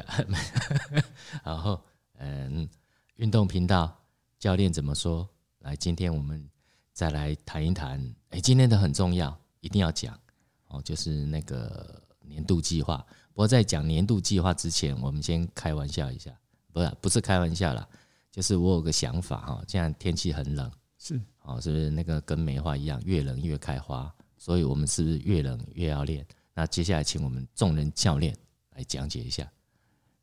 講， 然後嗯，運動頻道教練怎麼說？來，今天我們再來談一談。哎、欸，今天的很重要，一定要講哦。就是那個年度計劃。不過在講年度計劃之前，我們先開玩笑一下，不是不是開玩笑啦，就是我有個想法哈。現在天氣很冷，是哦，是不是那個跟梅花一樣，越冷越開花？所以我們是不是越冷越要練？那接下來請我們仲仁教練來講解一下。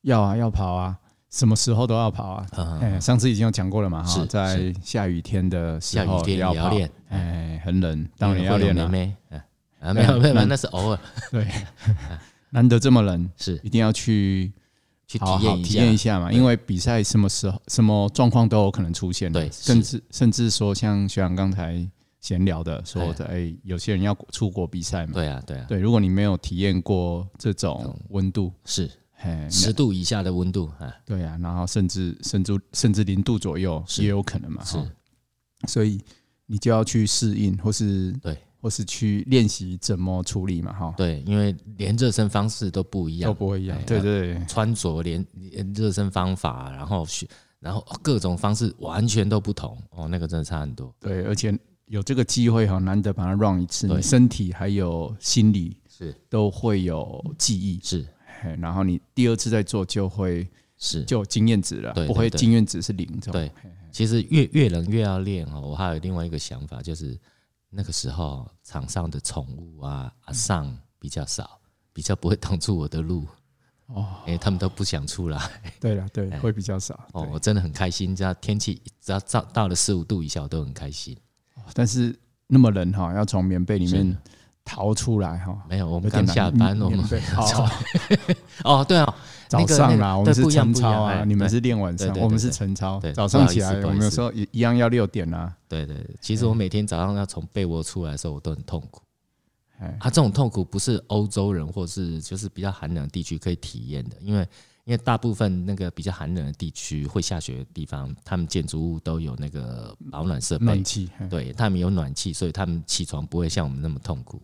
要啊，要跑啊，什麼時候都要跑啊！啊欸、上次已經有講過了嘛？在下雨天的時候也要練、欸欸，很冷，嗯、當然要練了、啊。啊，沒有沒有、欸，那是偶爾。對、啊，難得這麼冷，是一定要去去體驗一,一下嘛？因為比賽什麼時候、什麼狀況都有可能出現了，對，甚至甚至說像學長剛才閒聊的，說的、哎欸、有些人要出國比賽嘛。對啊，對啊，對，如果你沒有體驗過這種溫度、嗯，是。十度以下的溫度，對呀、啊，然後甚至甚至甚至零度左右也有可能嘛，所以你就要去適應，或是對，或是去練習怎麼處理嘛，哈，對，因為連熱身方式都不一樣，都不一樣，對對，穿着連熱身方法，然後然後各種方式完全都不同，哦，那個真的差很多，對，而且有這個機會哈，難得把它 run 一次，身體還有心理是都會有記憶，是。Hey, 然後你第二次再做就會是就有經驗值了，對對對，不會經驗值是零。對、對、對，其實越越冷越要練哦。我還有另外一個想法，就是那個時候場上的寵物啊阿桑比較少，比較不會擋住我的路哦、嗯，因為他們都不想出來。哦、哎、出來對了、啊，對，會比較少。哦，我真的很開心，只要天氣只要到到了十五度以下，我都很開心。但是那麼冷哈，要從棉被裡面。逃出來哈？沒有，我們剛下班，我們晨操。好好 哦，對啊、哦，早上啦、啊那個、我們是晨操啊，你們是練晚上，我們是晨操。早上起來，我們有時候一樣要六點啊。對對其實我每天早上要從被窩出來的時候，我都很痛苦。他、啊、這種痛苦不是歐洲人或是就是比較寒冷的地區可以體驗的，因為因為大部分那個比較寒冷的地區會下雪的地方，他們建築物都有那個保暖設備，暖氣，對他們有暖氣，所以他們起床不會像我們那麼痛苦。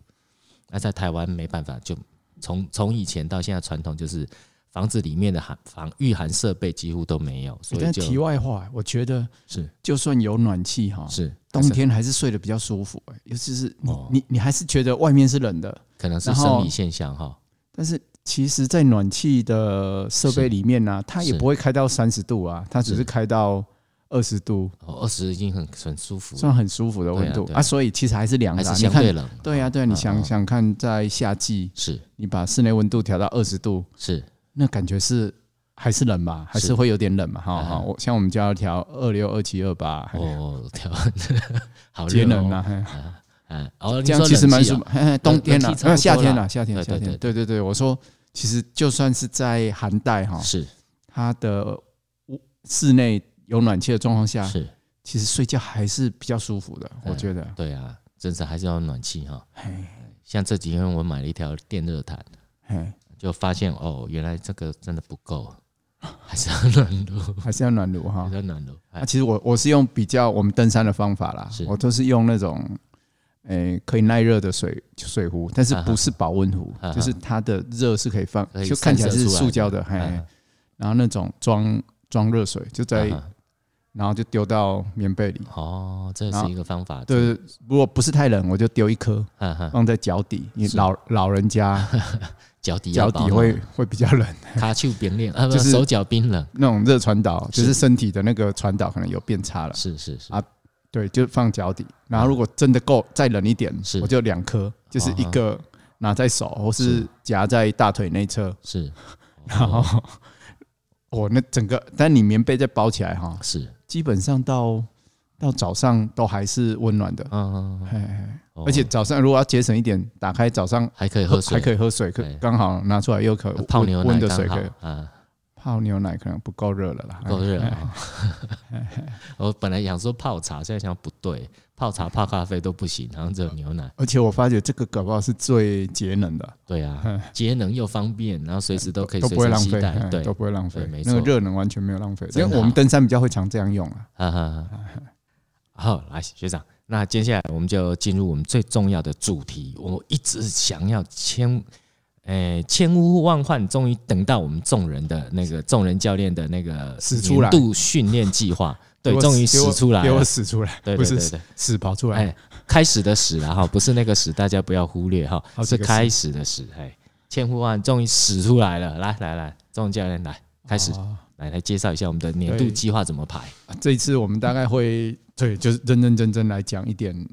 那在台灣沒辦法，就從從以前到現在，傳統就是房子裡面的房預寒防禦寒設備幾乎都沒有。所以題外話，我覺得是就算有暖氣哈，是冬天還是睡得比較舒服，尤其是你，哦，你，你還是覺得外面是冷的，可能是生理現象哈。但是其實，在暖氣的設備裡面呢，啊，它也不會開到三十度啊，它只是開到。二十度，二、哦、十已經很很舒服，算很舒服的溫度啊、啊、啊、啊。所以其實還是涼的、啊是。你看對對啊，對啊，你想、哦、想看，在夏季，是、哦哦、你把室內溫度調到二十度，是那感覺是還是冷吧？還是會有點冷嘛？哈哈。我、哦、像我們家要調二六、二七、二八，哦，調、啊、好節能啊！哦，這樣其實蠻舒服。冬天了，那夏天了，夏天、啊，夏天、啊對對對對對對，對對對。我說，其實就算是在寒帶哈，是它的屋室內。有暖氣的狀況下是，其實睡覺還是比較舒服的，嗯、我覺得。對啊，真是還是要暖氣哈。哎，像這幾天我買了一條電熱毯，哎，就發現哦，原來這個真的不夠，還是要暖爐，還是要暖爐哈，還是要暖爐。那、啊、其實我我是用比較我們登山的方法啦，我都是用那種、欸、可以耐熱的水就水壺，但是不是保溫壺、啊，就是它的熱是可以放、啊，就看起來是塑膠的，的、啊嗯嗯，然後那種裝裝熱水就在、啊。然後就丟到棉被裡哦，這是一個方法。對，如果不是太冷，我就丟一顆、啊啊、放在腳底。你老老人家腳 底腳底會會比較冷，卡丘冰冷，就是手腳冰冷那種熱傳導，就是身體的那個傳導可能有變差了。是是是啊，對，就放腳底。然後如果真的夠再冷一點，是我就兩顆，就是一個拿在手，或是夾在大腿內側。是，然後我，哦哦、那整個，但你棉被再包起來哈。是。基本上到到早上都還是溫暖的，哦，嗯嗯，而且早上如果要節省一點，打開早上還可以喝水喝，還可以喝水，剛好拿出來又可以泡牛奶溫的水，泡牛奶可能不夠熱了啦，夠熱了，哦。我本來想說泡茶，現在想不對。泡茶、泡咖啡都不行，然後只有牛奶。而且我發覺這個搞不好是最節能的、啊。對啊，節能又方便，然後隨時都可以隨時攜帶，都不會浪費對，對，都不會浪費。沒錯，那個熱能完全沒有浪費。因為我們登山比較會常這樣用啊。哈好，來學長，那接下來我們就進入我們最重要的主題。我一直想要千，哎、欸，千呼萬喚，終於等到我們眾人的那個仲、那個、仁教練的那個年度訓練計畫。對，終於使出來，給我使出來，不是屎跑出來，哎，開始的始、啊，然後不是那個使，大家不要忽略哈， 是開始的始， 哎，千呼萬喚，終於始出來了，來來來，仲教練來開始，哦、來來介紹一下我們的年度計劃怎麼排。這一次我們大概會對，就是認認真真，真來講一點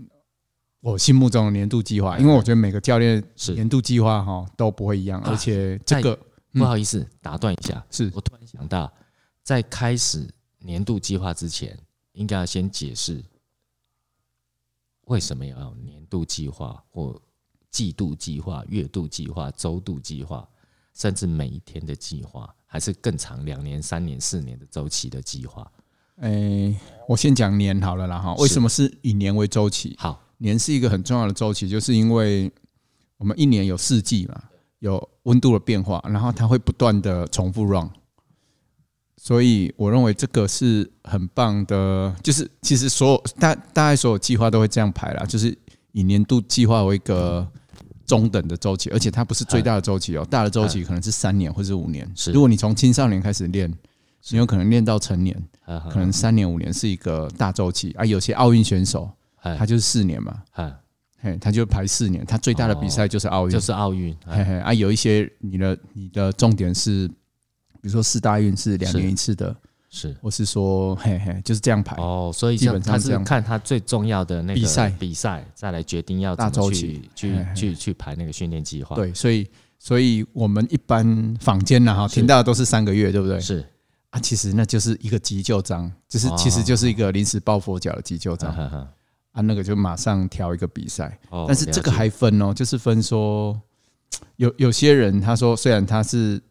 我心目中的年度計劃，因為我覺得每個教練年度計劃哈都不會一樣，而且這個、啊嗯、不好意思打斷一下，是我突然想到在開始。年度計劃之前，應該要先解釋為什麼要有年度計劃、或季度計劃、月度計劃、周度計劃，甚至每一天的計劃，還是更長兩年、三年、四年的周期的計劃？誒、欸，我先講年好了啦哈。為什麼是以年為周期？好，年是一個很重要的周期，就是因為我們一年有四季嘛，有溫度的變化，然後它會不斷的重複 run。所以我認為這個是很棒的，就是其實所有大大，大概所有計劃都會這樣排啦，就是以年度計劃為一個中等的週期，而且它不是最大的週期哦、喔，大的週期可能是三年或者是五年。是，如果你從青少年開始練，你有可能練到成年，可能三年五年是一個大週期啊。有些奧運選手，他就是四年嘛，他就排四年，他最大的比賽就是奧運、哦，就是奧運。嘿嘿，啊，有一些你的你的重點是。比如說四大運是兩年一次的。是，我是說嘿嘿，就是這樣排哦。所以基本上是看他最重要的那個比賽，比賽再來決定要怎麼去去去去排那個訓練計劃。對，所以所以我們一般坊間啊，停聽到的都是三個月，對不對？是啊，其實那就是一個急救章，就是其實就是一個臨時抱佛腳的急救章啊，那個就馬上調一個比賽。但是這個還分哦，就是分說有有些人他說雖然他是。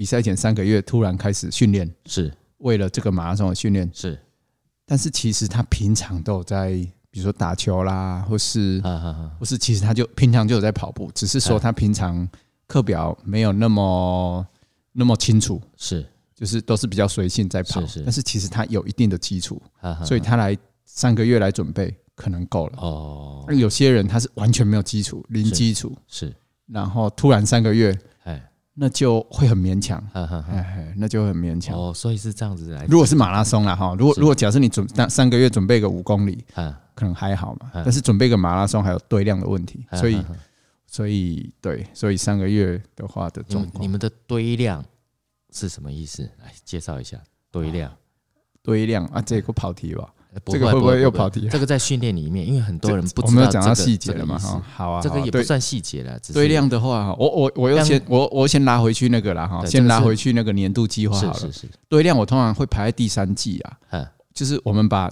比賽前三個月突然開始訓練，是為了這個馬拉松的訓練是。但是其實他平常都有在，比如說打球啦，或是，不是，其實他就平常就有在跑步，只是說他平常課表沒有那麼那麼清楚，是，就是都是比較隨性在跑。但是其實他有一定的基礎，所以他來三個月來準備可能夠了。哦，有些人他是完全沒有基礎，零基礎是，然後突然三個月。那就會很勉強、啊啊，那就很勉強哦。所以是這樣子來。如果是馬拉松了哈、嗯，如果如果假設你準三三個月準備個五公里、啊，可能還好嘛、啊。但是準備個馬拉松還有堆量的問題，啊、所以、啊啊、所以對，所以三個月的話的狀況，你們的堆量是什麼意思？來介紹一下堆量，啊、堆量啊，這個跑題吧。這個會不會又跑題？這個在訓練裡面，因為很多人不知道我們要講它細節了嘛，哈、這個啊。好啊，這個也不算細節了。堆量的話，我我我要先我我先拿回去那個了哈，先拿回去那個年度計劃好了。堆量我通常會排在第三季啊。是是是就是我們把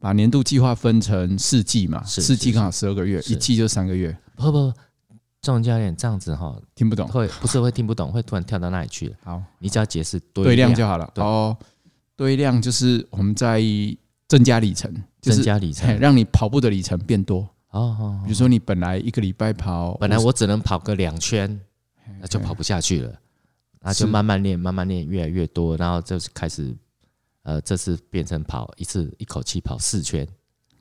把年度計劃分成四季嘛，是是是是四季剛好十二個月，是是是是一季就三個月。是是是不會不不，仲教練，這樣子哈，聽不懂會不是會聽不懂， 會突然跳到那裡去了。好，你只要解釋堆量就好了。哦，堆量就是我們在。增加里程，增加里程，讓你跑步的里程變多。比如說你本來一個禮拜跑，哦哦哦、本來我只能跑個兩圈，那就跑不下去了。那就慢慢練，慢慢練，越來越多，然後就開始，呃，這次變成跑一次一口氣跑四圈，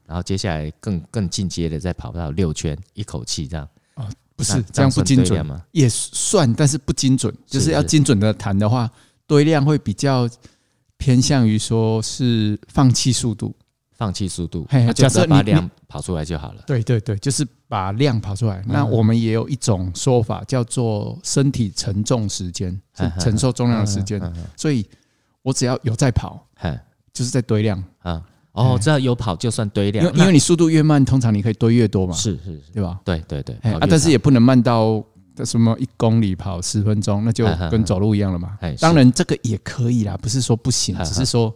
然後接下來更更進階的再跑到六圈一口氣這樣。哦、不是這樣不精準算算嗎？也算，但是不精準。就是要精準的談的話，堆量會比較。偏向於說是放棄速度，放棄速度，嘿，啊、就是把量跑出來就好了，啊就。對對對，就是把量跑出來，嗯。那我們也有一種說法叫做身體承重時間，是承受重量的時間，嗯嗯嗯嗯嗯嗯。所以我只要有在跑，嗯、就是在堆量啊、嗯。哦，只要有跑就算堆量，因為因為你速度越慢，通常你可以堆越多嘛。是是是，對吧？對對對，對。跑跑啊，但是也不能慢到。什麼一公里跑十分鐘，那就跟走路一樣了嘛。當然這個也可以啦，不是說不行，只是說，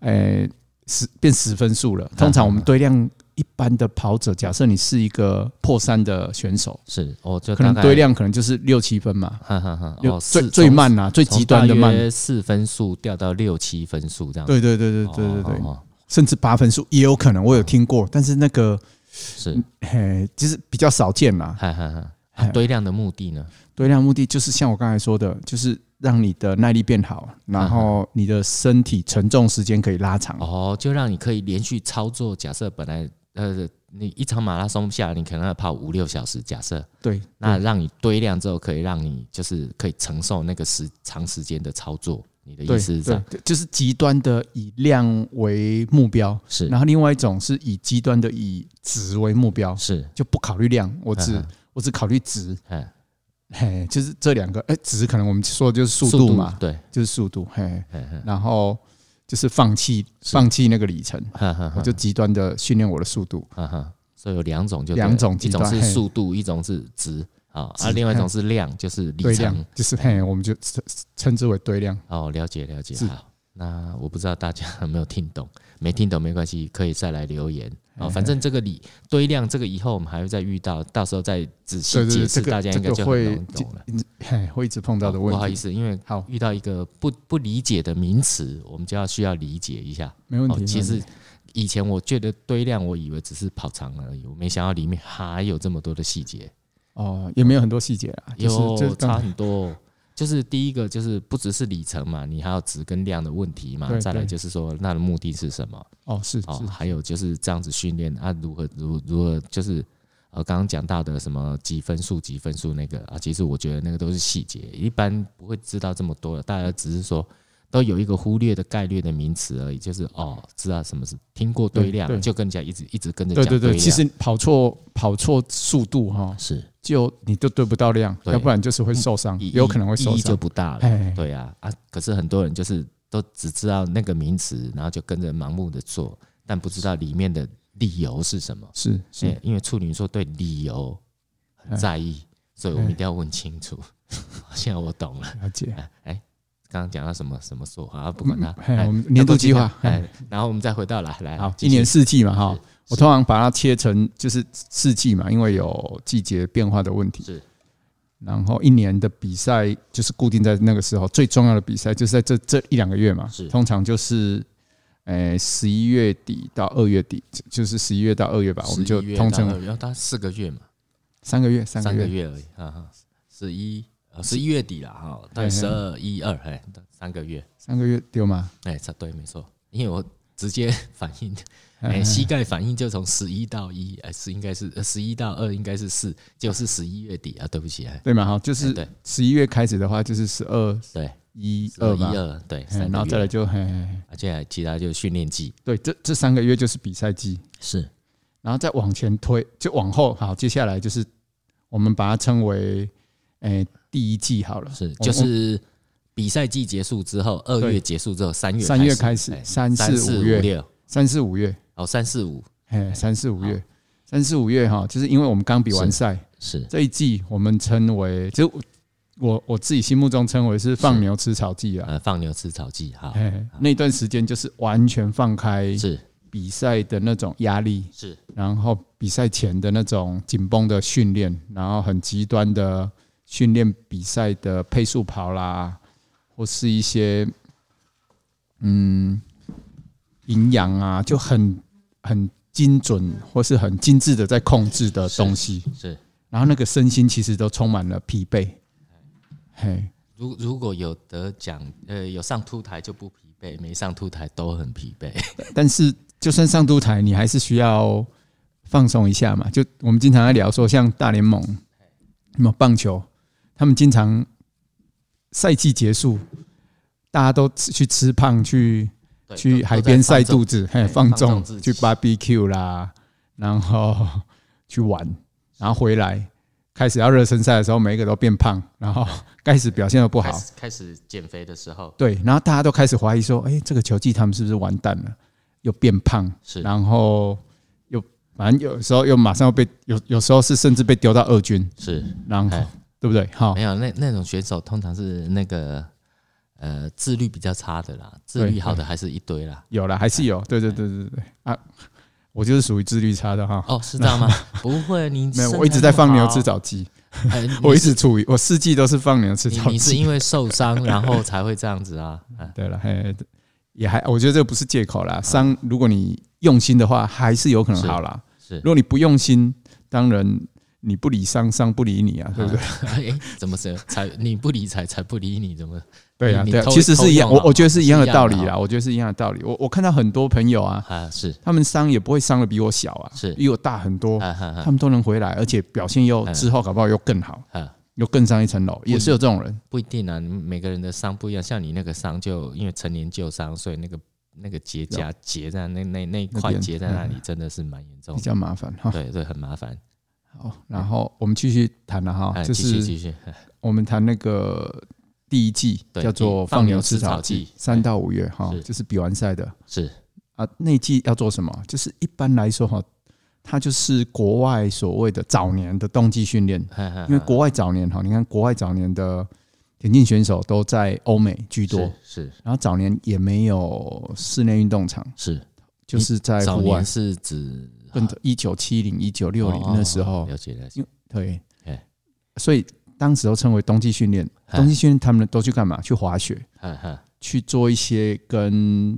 誒，十變十分數了。通常我們堆量一般的跑者，假設你是一個破三的選手，是哦，就可能堆量可能就是六七分嘛。哈哈，哈，最最慢呐，最極端的慢，四分數掉到六七分數這樣。對對對對對對對，甚至八分數也有可能，我有聽過，但是那個是，嘿，就是比較少見嘛。哈哈。堆、啊、量的目的呢？堆量的目的就是像我剛才說的，就是讓你的耐力變好，然後你的身體承重時間可以拉長、啊、哦，就讓你可以連續操作。假設本來呃，你一場馬拉松下來，你可能要跑五六小時。假設對，對，那讓你堆量之後，可以讓你就是可以承受那個時長時間的操作。你的意思是這樣？就是極端的以量為目標是，然後另外一種是以極端的以質為目標是，就不考慮量，我只。啊我只考慮值，嘿，就是這兩個，哎、欸，值可能我們說的就是速度嘛速度，對，就是速度，嘿，嘿嘿然後就是放棄放棄那個里程，我就極端的訓練我的速度，哈哈，所以有兩種就兩種極端，一種是速度，一種是值啊，啊，另外一種是量，就是堆量，就是嘿，我們就稱稱之為堆量，哦，了解了解。那我不知道大家有沒有聽懂，沒聽懂沒關係，可以再來留言啊、哦。反正這個裡堆量，這個以後我們還會再遇到，到時候再仔細解釋，大家應該就能懂了。會一直碰到的問題。不好意思，因為好遇到一個不不理解的名詞，我們就要需要理解一下。沒問題。其實以前我覺得堆量，我以為只是跑長而已，我沒想到裡面還有這麼多的細節。哦，也沒有很多細節啊，有差很多。就是第一個，就是不只是里程嘛，你還要質跟量的問題嘛。再來就是說，那個的目的是什麼？哦，是，還有就是這樣子訓練啊，如何如何如何就是呃，剛剛講到的什麼幾分數幾分數那個啊，其實我覺得那個都是細節，一般不會知道這麼多，大家只是說。都有一個忽略的概率的名詞而已，就是哦，知道什麼是聽過堆量，就更加一直一直跟着講堆量。對對對，對，其實跑錯跑錯速度哈，是就你就堆不到量，要不然就是會受傷，有可能會受傷意義就不大了。對，對，對啊，啊，可是很多人就是都只知道那個名詞，然後就跟着盲目的做，但不知道裡面的理由是什麼。是是，啊啊、是，是，是，是，是是因為處女座對理由很在意，所以我們一定要問清楚。 現在我懂了，了解哎。剛剛講到什麼什麼說話，不管他。嗯嗯、我們年度計劃，計劃，然後我們再回到來、嗯、來,回到來,來，好，一年四季嘛，哈，我通常把它切成就是四季嘛，因為有季節變化的問題。是。然後一年的比賽就是固定在那個時候最重要的比賽，就是在這這一兩個月嘛。是。通常就是，呃、十一月底到二月底，就是十一月到二月吧月月。我們就通常要到、哦、四個月嘛，三個月，三個月,三個月而已。哈、啊、哈，十一。十一月底了哈，對，十二一二，哎，三個月，三個月對嗎？哎，這對，沒錯，因為我直接反應，哎，膝蓋反應就從十一到一，哎，是應該是十一到二，應該是四，就是十一月底啊，對不起，哎，對嘛哈，就是十一月開始的話，就是十二，對，一二，一二，對，然後再來就，而且其他就訓練季，對，這這三個月就是比賽季，是，然後再往前推，就往後好，接下來就是我們把它稱為。哎、欸，第一季好了，是就是比賽季結束之後，二月結束之後，三月三月開始，欸、三四五月三四五六三四五月哦，三四五嘿、欸，三四五月三四五月哈，就是因為我們剛比完賽，是，是，是這一季我們稱為，就我我自己心目中稱為是放牛吃草季啊，呃、嗯，放牛吃草季哈，那段時間就是完全放開是，是比賽的那種壓力是，然後比賽前的那種緊繃的訓練，然後很極端的。訓練比賽的配速跑啦，或是一些嗯營養啊，就很很精準或是很精致的在控制的東西。是。是然後那個身心其實都充滿了疲憊、嗯。嘿，如如果有得獎，呃，有上凸台就不疲憊；沒上凸台都很疲憊。但是就算上凸台，你還是需要放鬆一下嘛。就我們經常在聊說，像大聯盟，什麼棒球。他們經常賽季結束，大家都去吃胖，去去海邊曬肚子，嘿放縱，放中放中去芭比 Q 啦，然後去玩，然後回來開始要熱身賽的時候，每一個都變胖，然後開始表現又不好，開始減肥的時候，對，然後大家都開始懷疑說，哎、欸，這個球季他們是不是完蛋了？又變胖，是，然後又反正有時候又馬上又被有有時候是甚至被丟到二軍，是，然後。對不對？好，沒有那那種選手，通常是那個呃自律比較差的啦，自律好的還是一堆啦，欸、有啦，還是有，欸、對對對對對、欸、啊，我就是屬於自律差的哈。哦，是這樣嗎？不會，你 沒有，我一直在放牛吃草雞、欸，我一直處於我四季都是放牛吃草雞。你是因為受傷 然後才會這樣子啊？欸、對了、欸，也也還我覺得這不是借口啦，傷、啊、如果你用心的話還是有可能好啦。是，是如果你不用心，當然。你不理傷，傷不理你啊，啊，對不對？欸、怎麼是才你不理才才不理你？怎麼？對呀、啊，對、啊你，其實是一樣。我我覺得是一樣的道理啦。我覺得是一樣的道理。我我看到很多朋友啊，啊是他們傷也不會傷的比我小啊，是比我大很多、啊啊啊。他們都能回來，而且表現又、啊啊、之後搞不好又更好、啊、又更上一層樓、啊。也是有這種人，不，不一定啊。每個人的傷不一樣，像你那個傷就因為成年舊傷，所以那個那個結痂結在那那那一塊結在那裡，真的是蠻嚴重的、嗯，比較麻煩、啊。對對，很麻煩。哦、然後我們繼續談了哈，就是我們談那個第一季，叫做放牛吃草季，三到五月哈，就是比完賽的，是，是啊，那季要做什麼？就是一般來說哈，它就是國外所謂的早年的冬季訓練，因為國外早年哈，你看國外早年的田徑選手都在歐美居多是，是，然後早年也沒有室內運動場，是，就是在戶外，早年是指跟一九七零、一九六零那時候，哦、了解了解，對，okay. 所以當時都稱為冬季訓練。冬季訓練，他們都去幹嘛？去滑雪，去做一些跟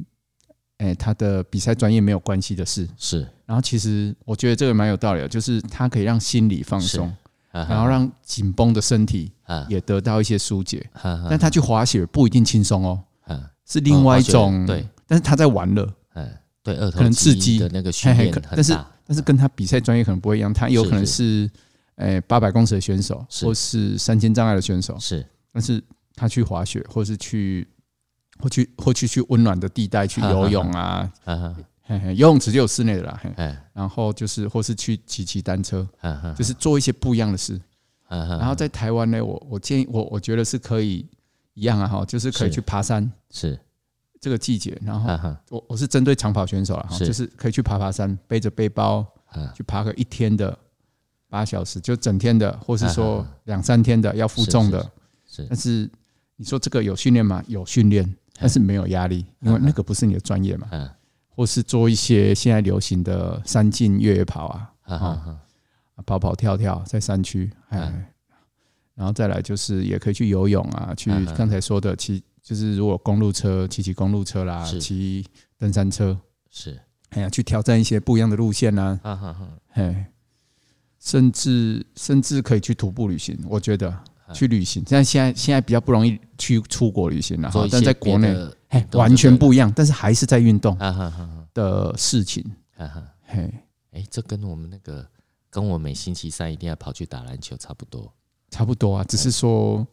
哎、欸、他的比賽專業沒有關係的事。是。然後其實我覺得這個蠻有道理的，就是他可以讓心理放鬆，然後讓緊繃的身體也得到一些疏解。但他去滑雪不一定輕鬆哦，是另外一種、嗯、對，但是他在玩樂。可能刺激的那個,的那個訓練很大，但是但是跟他比賽專業可能不會一樣，他有可能是，八百公尺的選手，是是或是三千障礙的選手，是,是，但是他去滑雪，或是去，或去或去或去溫暖的地帶去游泳啊，是是是是游泳池就有室內的啦，是是是然後就是或是去騎騎單車，是是是就是做一些不一樣的事，是是是然後在台灣呢，我我建議我我覺得是可以一樣啊，哈，就是可以去爬山，是,是。這個季節，然後我我是針對長跑選手啦、啊，就是可以去爬爬山，背着背包、啊、去爬個一天的八小時，就整天的，或是說兩三天的要負重的、啊。但是你說這個有訓練嗎？有訓練，但是沒有壓力、啊，因為那個不是你的專業嘛。嗯、啊啊。或是做一些現在流行的山徑越野跑啊，啊、啊、啊，跑跑跳跳在山區。哎、啊啊，然後再來就是也可以去游泳啊，去剛、啊啊、才說的去。就是如果公路車騎騎公路車啦，騎登山車是，哎呀，去挑戰一些不一樣的路線吶、啊，哈、啊、哈、啊啊，嘿，甚至甚至可以去徒步旅行，我覺得、啊、去旅行，像現在現在比較不容易去出國旅行了，但在國內嘿，完全不一樣，但是還是在運動，哈哈，的事情，啊哈、啊啊啊、嘿，這跟我們那個跟我每星期三一定要跑去打籃球差不多，差不多啊，只是說。啊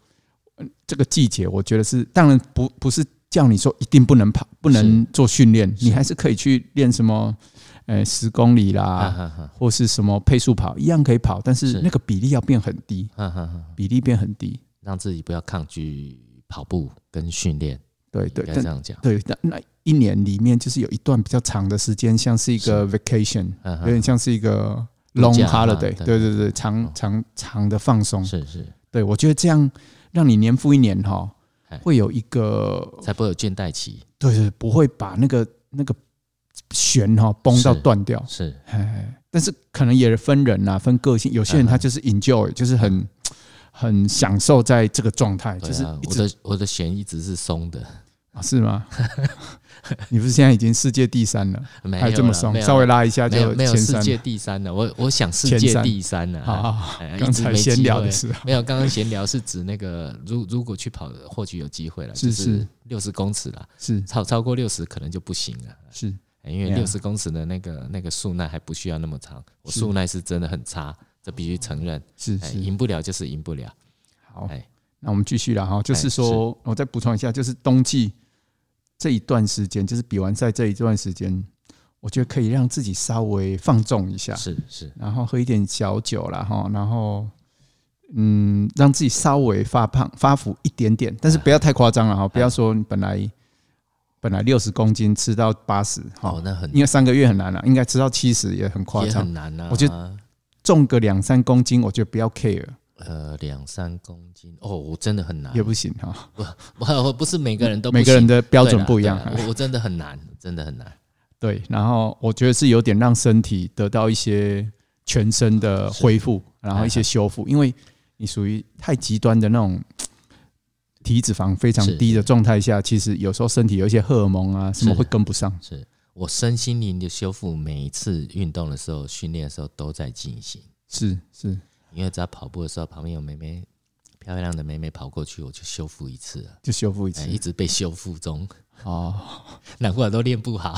嗯、這個季節，我覺得是當然不不是叫你說一定不能跑，不能做訓練，你還是可以去練什麼，呃、欸、十公里啦、啊啊啊，或是什麼配速跑，一樣可以跑，但是那個比例要變很低，啊啊啊、比例變很低，讓自己不要抗拒跑步跟訓練。對對，這樣講，對那那一年裡面，就是有一段比較長的時間，像是一個 vacation，、啊、有點像是一個 long holiday，、啊、對，對對對，長、哦、長長的放鬆。是是，對我覺得這樣。讓你年復一年哈，會有一個才不會有倦怠期，對對，不會把那個那個弦哈繃到斷掉。是，嘿，但是可能也是分人吶、啊，分個性。有些人他就是 enjoy，就是很很享受在這個狀態，就是我的我的弦一直是鬆的。是嗎？ 你不是現在已經世界第三了？ 沒有了這麼鬆，稍微拉一下就沒有，沒有世界第三了。我我想世界第三了。啊，剛、哎、才閒聊的是沒有，剛剛閒聊是指那個，如果如果去跑，或許有機會了，是就是六十公尺了。是，是超超過六十可能就不行了。是，哎、因為六十公尺的那個那個速耐還不需要那麼長。我速耐是真的很差，這必須承認。是，是，贏、哎、不了就是贏不了。好，哎、那我們繼續了哈，就是說，哎、是我再補充一下，就是冬季。這一段時間就是比完賽這一段時間，我覺得可以讓自己稍微放縱一下，是是，然後喝一點小酒啦。哈，然後嗯，讓自己稍微發胖發福一點點，但是不要太誇張了哈、哎，不要說你本來、哎、本來六十公斤吃到八十，哈，那很，因為三個月很難了，應該吃到七十也很誇張，也很難啊。我覺得重個兩三公斤，我覺得不要 care。呃，兩三公斤哦，我真的很難，也不行哈、哦。不，不是每個人都不，每個人的標準不一樣。我我真的很難，真的很難。對，然後我覺得是有點讓身體得到一些全身的恢復，然後一些修復，因為你屬於太極端的那種體脂肪非常低的狀態下，其實有時候身體有一些荷爾蒙啊什麼會跟不上。是，是我身心靈的修復，每一次運動的時候、訓練的時候都在進行。是是。是因為在跑步的時候，旁邊有妹妹，漂亮的妹妹跑過去，我就修復一,一次，就修復一次，一直被修復中。哦， 難怪我都練不好，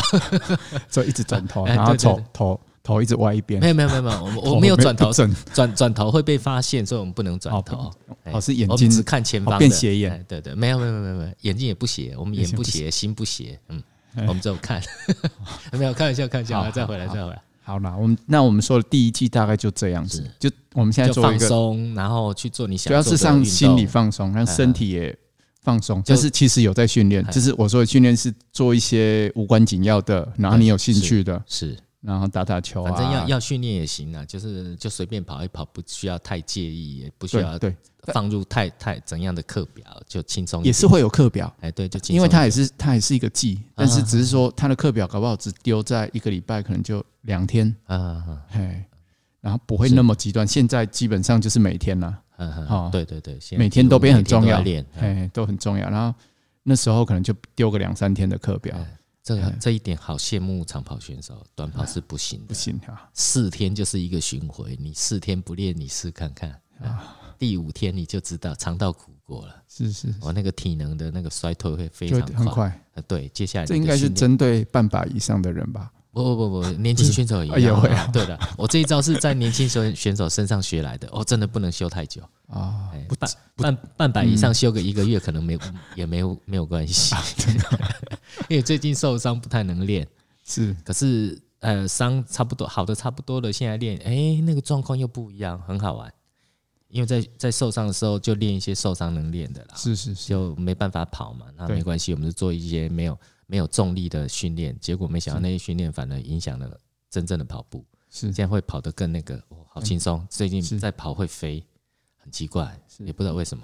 所以一直轉頭、啊，然後頭、啊、對對對頭頭一直歪一邊。沒有沒有沒有，我我沒有轉頭，轉轉頭會被發現，所以我們不能轉頭哦。哦，是眼睛、欸、只看前方的，變、哦、斜眼。斜眼欸、對，對對，沒有沒有沒有沒有，眼睛也不斜，我們眼不斜，心不斜，嗯，欸、我們只有看。 啊、沒有開玩笑開玩笑，再回來再回來。好啦，我們那我們說的第一季大概就這樣子，就我們現在做放鬆，然後去做你想，主要是讓心理放鬆，讓身體也放鬆、嗯，就是其實有在訓練、嗯，就是我說的訓練是做一些無關緊要的，然後你有興趣的，是。是然後打打球，啊，反正要要訓練也行啊，就是就隨便跑一跑，不需要太介意，也不需要對放入太太怎樣的課表就輕鬆，也是會有課表，哎，欸，對，就輕鬆，因為它也是它也是一個季，啊啊啊啊啊啊，但是只是說它的課表搞不好只丟在一個禮拜，可能就兩天啊，啊，啊，啊，啊，然後不會那麼極端。現在基本上就是每天了，啊，好，啊啊啊啊，對對對，每天都變很重要，啊，嘿，都很重要。然後那時候可能就丟個兩三天的課表。啊這個這一點好羨慕長跑選手，短跑是不行的。不行啊，四天就是一個巡迴，你四天不練，你試看看，嗯，啊，第五天你就知道嘗到苦果了。是是，是，我那個體能的那個衰退會非常快、快。對，接下來這應該是針對半百以上的人吧。不不不不，年輕選手也也會啊。對的、哎，我這一招是在年輕選手身上學來的。 哦，真的不能修太久啊、哦欸。半半半百以上修個一個月可能沒有、嗯，也沒有沒，沒有關係。啊、 因為最近受傷不太能練。是，可是呃，傷差不多好的差不多了，現在練，哎、欸，那個狀況又不一樣，很好玩。因為在在受傷的時候就練一些受傷能練的啦。是是是，就沒辦法跑嘛，那沒關係，我們就做一些沒有。沒有重力的訓練，結果沒想到那些訓練反而影響了真正的跑步，是現在會跑得更那個、哦、好輕鬆、嗯。最近在跑會飛，很奇怪，也不知道為什麼。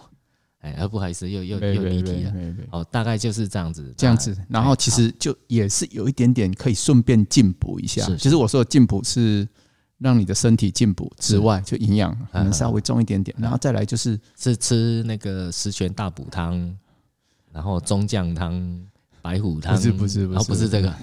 哎，不好意思，又又又離題了。哦，大概就是這樣子，這樣子。然後其實就也是有一點點可以順便進補一下。其實、就是、我說的進補是讓你的身體進補之外，就營養可能稍微重一點點。啊、然後再來就是是吃那個十全大補湯，然後中將湯。白虎湯不，不是不是哦，不是這個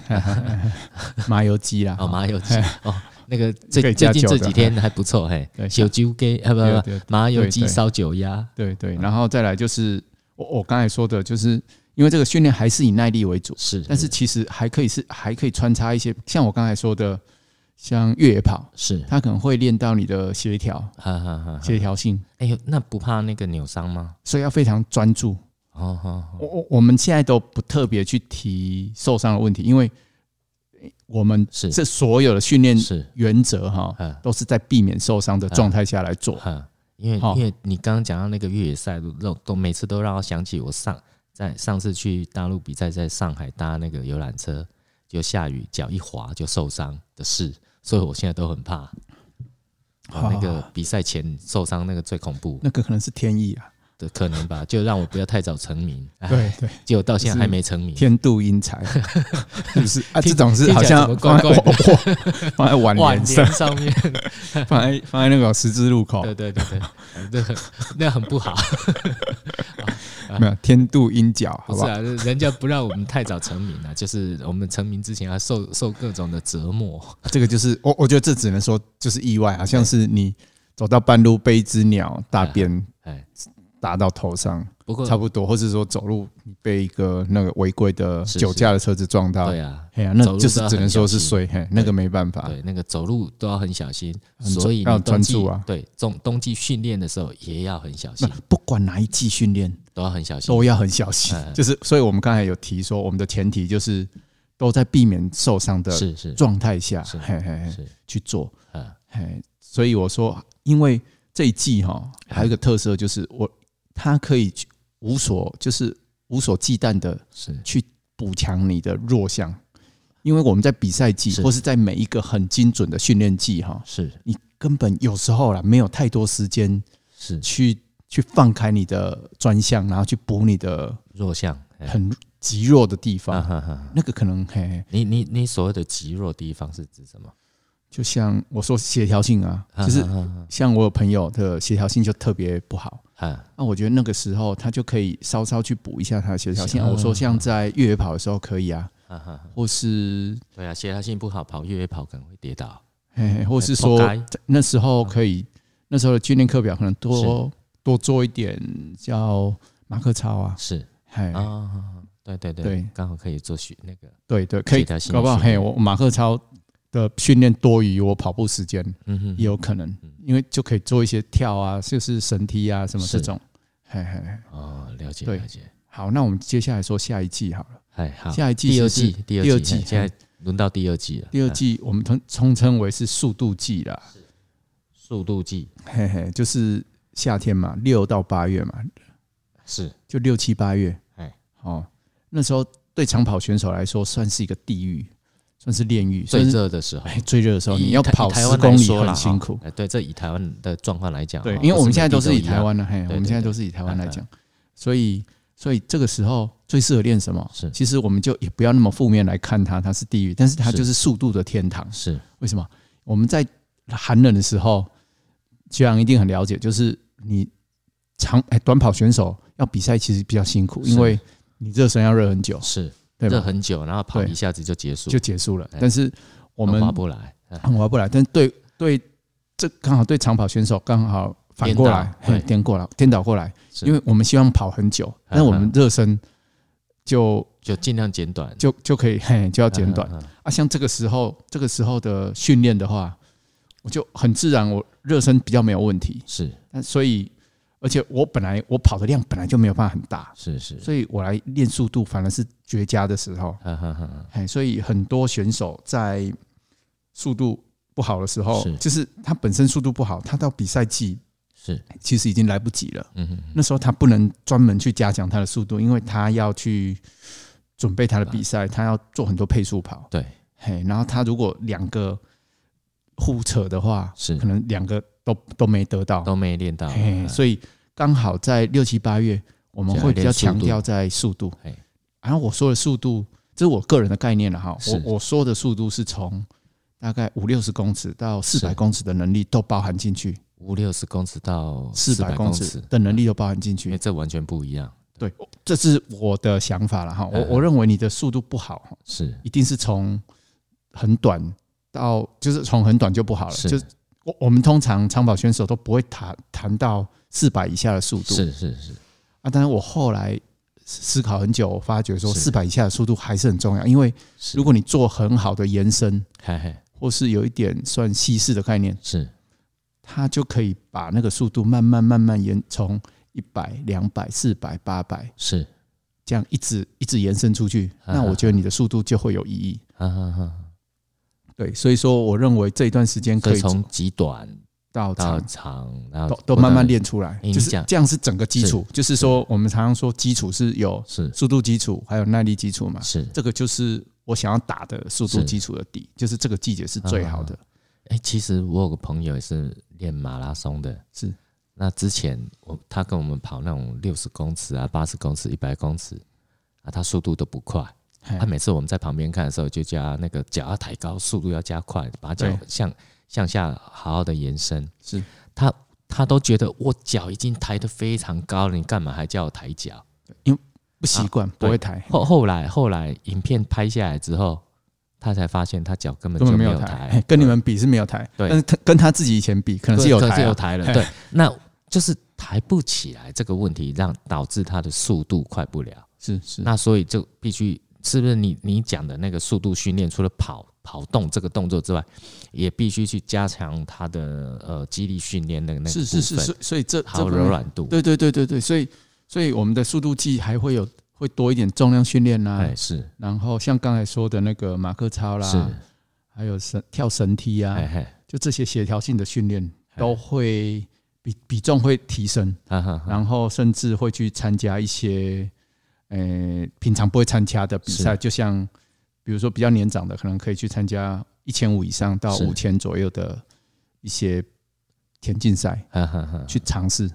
麻油雞啦，哦，麻油雞哦，油 哦，那個最最近這幾天還不錯嘿。對，小九雞啊，不，不麻油雞燒酒鴨對對，對，然後再來就是對對對，嗯，我我剛才說的就是因為這個訓練還是以耐力為主是，是，但是其實還可以是還可以穿插一些像我剛才說的像越野跑是，它可能會練到你的協調協調性。哎呦，那不怕那個扭傷嗎？所以要非常專注。好、哦哦哦，我我我們現在都不特別去提受傷的問題，因為我們是這所有的訓練是原則哈，都是在避免受傷的狀態下來做。因為、哦、因為你剛剛講到那個越野賽，都都每次都讓我想起我上在上次去大陸比賽，在上海搭那個遊覽車就下雨，腳一滑就受傷的事，所以我現在都很怕、喔、那個比賽前受傷那個最恐怖、哦，那個可能是天意啊。可能吧，就讓我不要太早成名。對對，結果到現在還沒成名。天妒英才，是不是啊？這種是好像放在晚晚上，上面，啊、放在放在那個十字路口。對對對對，那那很不好。啊、沒有天妒英腳，好好是啊？人家不讓我們太早成名啊，就是我們成名之前要受受各種的折磨。這個就是我我覺得這只能說就是意外、啊，好像是你走到半路被一隻鳥大便。哎。打到頭上，不過差不多，或者說走路被一個那個違規的酒駕的車子撞到，是是，對啊。啊那個、就是只能說是衰，啊。那個沒辦法。對，對，那個走路都要很小心，所以要專注啊，對，冬冬季訓練的時候也要很小心，不，不管哪一季訓練都要很小心，都要很小心，嘿嘿就是，所以我們剛才有提說，我們的前提就是都在避免受傷的狀態下，是是是是是是嘿嘿，去做嘿嘿嘿嘿嘿嘿，所以我說，因為這一季還有一個特色就是我，他可以去無所，就是無所忌憚的，是去補強你的弱項，因為我們在比賽季或是在每一個很精準的訓練季，哈，是你根本有時候啦，沒有太多時間，是去去放開你的專項，然後去補你的弱項，很極弱的地方，那個可能嘿，你你你所謂的極弱地方是指什麼？就像我說協調性啊，就是像我有朋友的協調性就特別不好啊。那我覺得那個時候他就可以稍稍去補一下他的協調性啊。我說像在越野跑的時候可以啊，或是對啊，協調性不好跑越野跑可能會跌倒，嗯，或是說那時候可以，那時候的訓練課表可能多多做一點叫馬克操啊，是哎啊，對對對，剛好可以做那個，對對可以搞不好嘿，我馬克操。的訓練多於我跑步時間，也有可能，因為就可以做一些跳啊，就是繩梯啊什麼這種，嘿嘿、哦、了解，對，了解。好，那我們接下來說下一季好了，好，下一季第二季，第二季，第二季現在輪到，到第二季了。第二季我們通稱為是速度季了，速度季，嘿嘿，就是夏天嘛，六到八月嘛，是就六七八月，哎，好、哦，那時候對長跑選手來說算是一個地獄。那是煉獄，最熱的時候，哎、最熱的時候灣，你要跑十公里很辛苦。對，這以台灣的狀況來講，對，因為我們現在都是以台灣的，啊，我們現在都是以台灣來講，所以，所以這個時候最適合練什麼，那個？其實我們就也不要那麼負面來看它，它是地獄，但是它就是速度的天堂。是，是為什麼？我們在寒冷的時候，徐陽一定很了解，就是你長哎短跑選手要比賽，其實比較辛苦，因為你熱身要熱很久。是。這很久，然後跑一下子就結束，就結束了。但是我們很划不來，划不來。但是對對，這剛好對長跑選手剛好反過來，顛過來，顛倒過來。因為我們希望跑很久，那我們熱身就就儘量減短，就就可以嘿，就要減短啊。像這個時候，這個時候的訓練的話，我就很自然，我熱身比較沒有問題。是，那所以。而且我本來我跑的量本來就沒有辦法很大，是是，所以我來練速度反而是絕佳的時候。嗯嗯嗯哎，所以很多選手在速度不好的時候，是就是他本身速度不好，他到比賽季是，是其實已經來不及了。嗯，嗯，那時候他不能專門去加強他的速度，因為他要去準備他的比賽，他要做很多配速跑。對，嘿，然後他如果兩個互扯的話，是可能兩個。都都沒得到，都沒練到嘿，所以剛好在六七八月，我們會比較強調在速度。然後我說的速度，這是我個人的概念了哈。我我說的速度是從大概五六十公尺到四百公尺的能力都包含進去，五六十公尺到四百公尺的能力都包含進去。這完全不一樣。對，這是我的想法了哈。我我認為你的速度不好，是一定是從很短到，就是從很短就不好了，就。我我們通常長跑選手都不會談談到四百以下的速度是，是是是。啊，當然我後來思考很久，我發覺說四百以下的速度還是很重要，因為如果你做很好的延伸，嘿嘿，或是有一點算稀釋的概念，是，它就可以把那個速度慢慢慢慢延從一百、兩百、四百、八百，是這樣一直一直延伸出去好好，那我覺得你的速度就會有意義。好好好好對，所以說，我認為這一段時間可以從極短到長到長，然後都慢慢練出來，就是這樣，是整個基礎。就是說，我們常常說基礎是有速度基礎，還有耐力基礎嘛。是這個，就是我想要打的速度基礎的底，就是這個季節是最好的。哎，其實我有個朋友也是練馬拉松的，是那之前我他跟我們跑那種六十公尺啊、八十公尺、一百公尺，啊，他速度都不快。他每次我們在旁邊看的時候，就叫那個腳要抬高，速度要加快，把腳向向下好好的延伸。是，他他都覺得我腳已經抬得非常高了，你幹嘛還叫我抬腳？因為不習慣，啊、不會抬。後後來後來，後來影片拍下來之後，他才發現他腳根本就沒有抬。有抬跟你們比是沒有抬，跟他跟他自己以前比，可能是有抬、啊、是有抬了。對，對 那就是抬不起來這個問題，讓導致他的速度快不了。是是，那所以就必須。是不是你你講的那個速度訓練，除了跑跑動這個動作之外，也必須去加強他的呃肌力訓練的那個部分，是是是，所以這好柔軟度。對對對對對，所以所以我們的速度計還會有會多一點重量訓練啦。是。然後像剛才說的那個馬克操啦、啊，還有跳繩梯啊嘿嘿，就這些協調性的訓練都會比比重會提升嘿嘿。然後甚至會去參加一些。呃，平常不會參加的比賽，就像比如說比較年長的，可能可以去參加一千五以上到五千左右的一些田徑賽，去嘗試。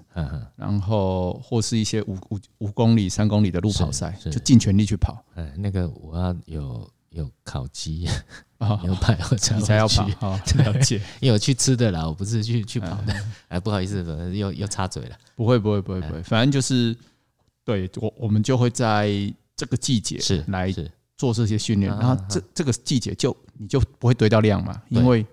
然後或是一些五五五公里、三公里的路跑賽，就盡全力去跑。哎，那個我要有有烤雞、牛、哦、排，我，我你才要跑，才要去。因為我去吃的啦，我不是去去跑的哎。哎，不好意思，又又插嘴了。不會，不會，不會，不會，反正就是。對我，我們就會在這個季節是來做這些訓練，然後這、啊啊、這個季節就你就不會堆到量嘛，因為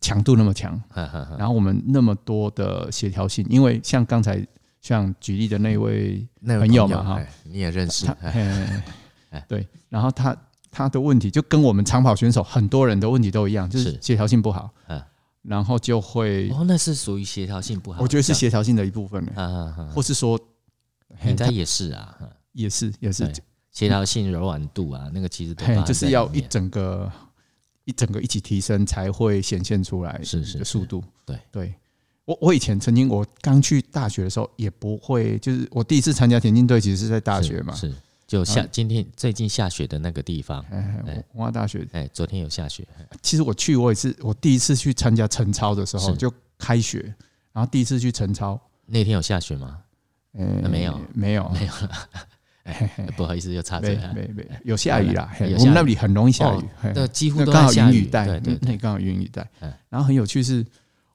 強度那麼強、啊啊啊，然後我們那麼多的協調性，因為像剛才像舉例的那一位朋友嘛哈，你也認識他，對，然後他他的問題就跟我們長跑選手很多人的問題都一樣，就是協調性不好，啊、然後就會哦，那是屬於協調性不好，我覺得是協調性的一部分、啊啊啊、或是說。應該也是啊，也是也是協調性、柔軟度啊，那個其實對，就是要一整個一整個一起提升才會顯現出來。是是速度，對對。我我以前曾經我剛去大學的時候也不會，就是我第一次參加田徑隊，其實是在大學嘛、嗯，哎哎哎哎我我是學，是，是就下今天最近下雪的那個地方，哎，清華大學，哎，昨天有下雪。哎、其實我去我也是我第一次去參加晨操的時候就開學，然後第一次去晨操那天有下雪嗎？呃、欸，沒有，沒有，沒 有、欸欸欸。不好意思，又插嘴了。沒，沒,沒有下雨啦下雨。我們那裡很容易下雨，那、哦、幾乎都剛好雨帶。那剛好雨帶對，對，剛好雲雨帶。然後很有趣是，是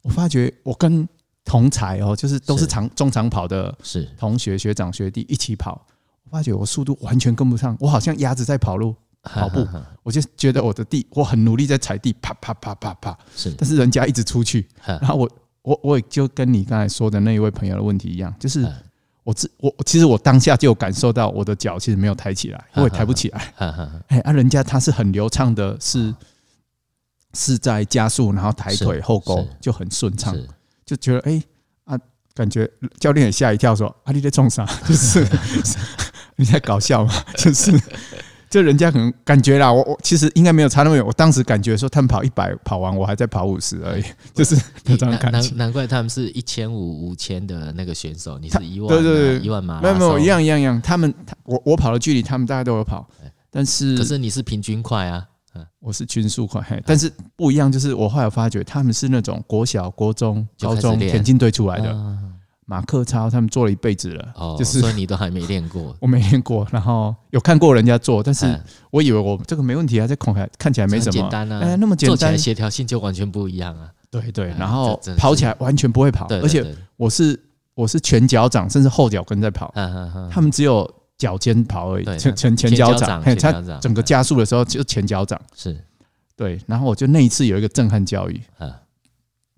我發覺我跟同儕哦、喔，就是都是長是中長跑的，同學學長學弟一起跑。我發覺我速度完全跟不上，我好像鴨子在跑路跑步呵呵呵。我就覺得我的地，我很努力在踩地，啪啪啪啪啪、啪。但是人家一直出去，然後我我我也就跟你剛才說的那一位朋友的問題一樣，就是。呵呵我自我其實我當下就有感受到我的腳其實沒有抬起來，我也抬不起來。哎啊、啊、啊、啊、欸、啊，人家他是很流暢的是，是、啊、是在加速，然後抬腿後勾就很順暢，就覺得哎、欸、啊，感覺教練也嚇一跳說，說啊你在撞啥？就是 你在搞笑嗎？就是。 就人家可能感覺啦，我我其實應該沒有差那麼遠。我當時感覺說，他們跑一百跑完，我還在跑五十而已，嗯、就是這樣、嗯、 感覺難。難怪他們是一千五、五千的那個選手，你是一萬、啊，對對對，一萬馬拉松沒有沒有，一樣一樣一樣。他們，他我我跑的距離，他們大家都有跑，欸、但是可是你是平均快啊、嗯，我是均速快，但是不一樣。就是我後來發覺，他們是那種國小、國中、高中田徑隊出來的。啊。馬克超他們做了一輩子了，哦、就是，所以你都還沒練過？我沒練過。然後有看過人家做，但是我以為我這個沒問題啊，這看起來看起來沒什麼簡單啊、欸，那麼簡單，協調性就完全不一樣啊。對，對對，然後跑起來完全不會跑，啊、而且我是我是全腳掌，甚至後腳跟在跑對對對，他們只有腳尖跑而已，那個、前腳前腳前腳掌，他整個加速的時候就前腳掌，是對。然後我就那一次有一個震撼教育、啊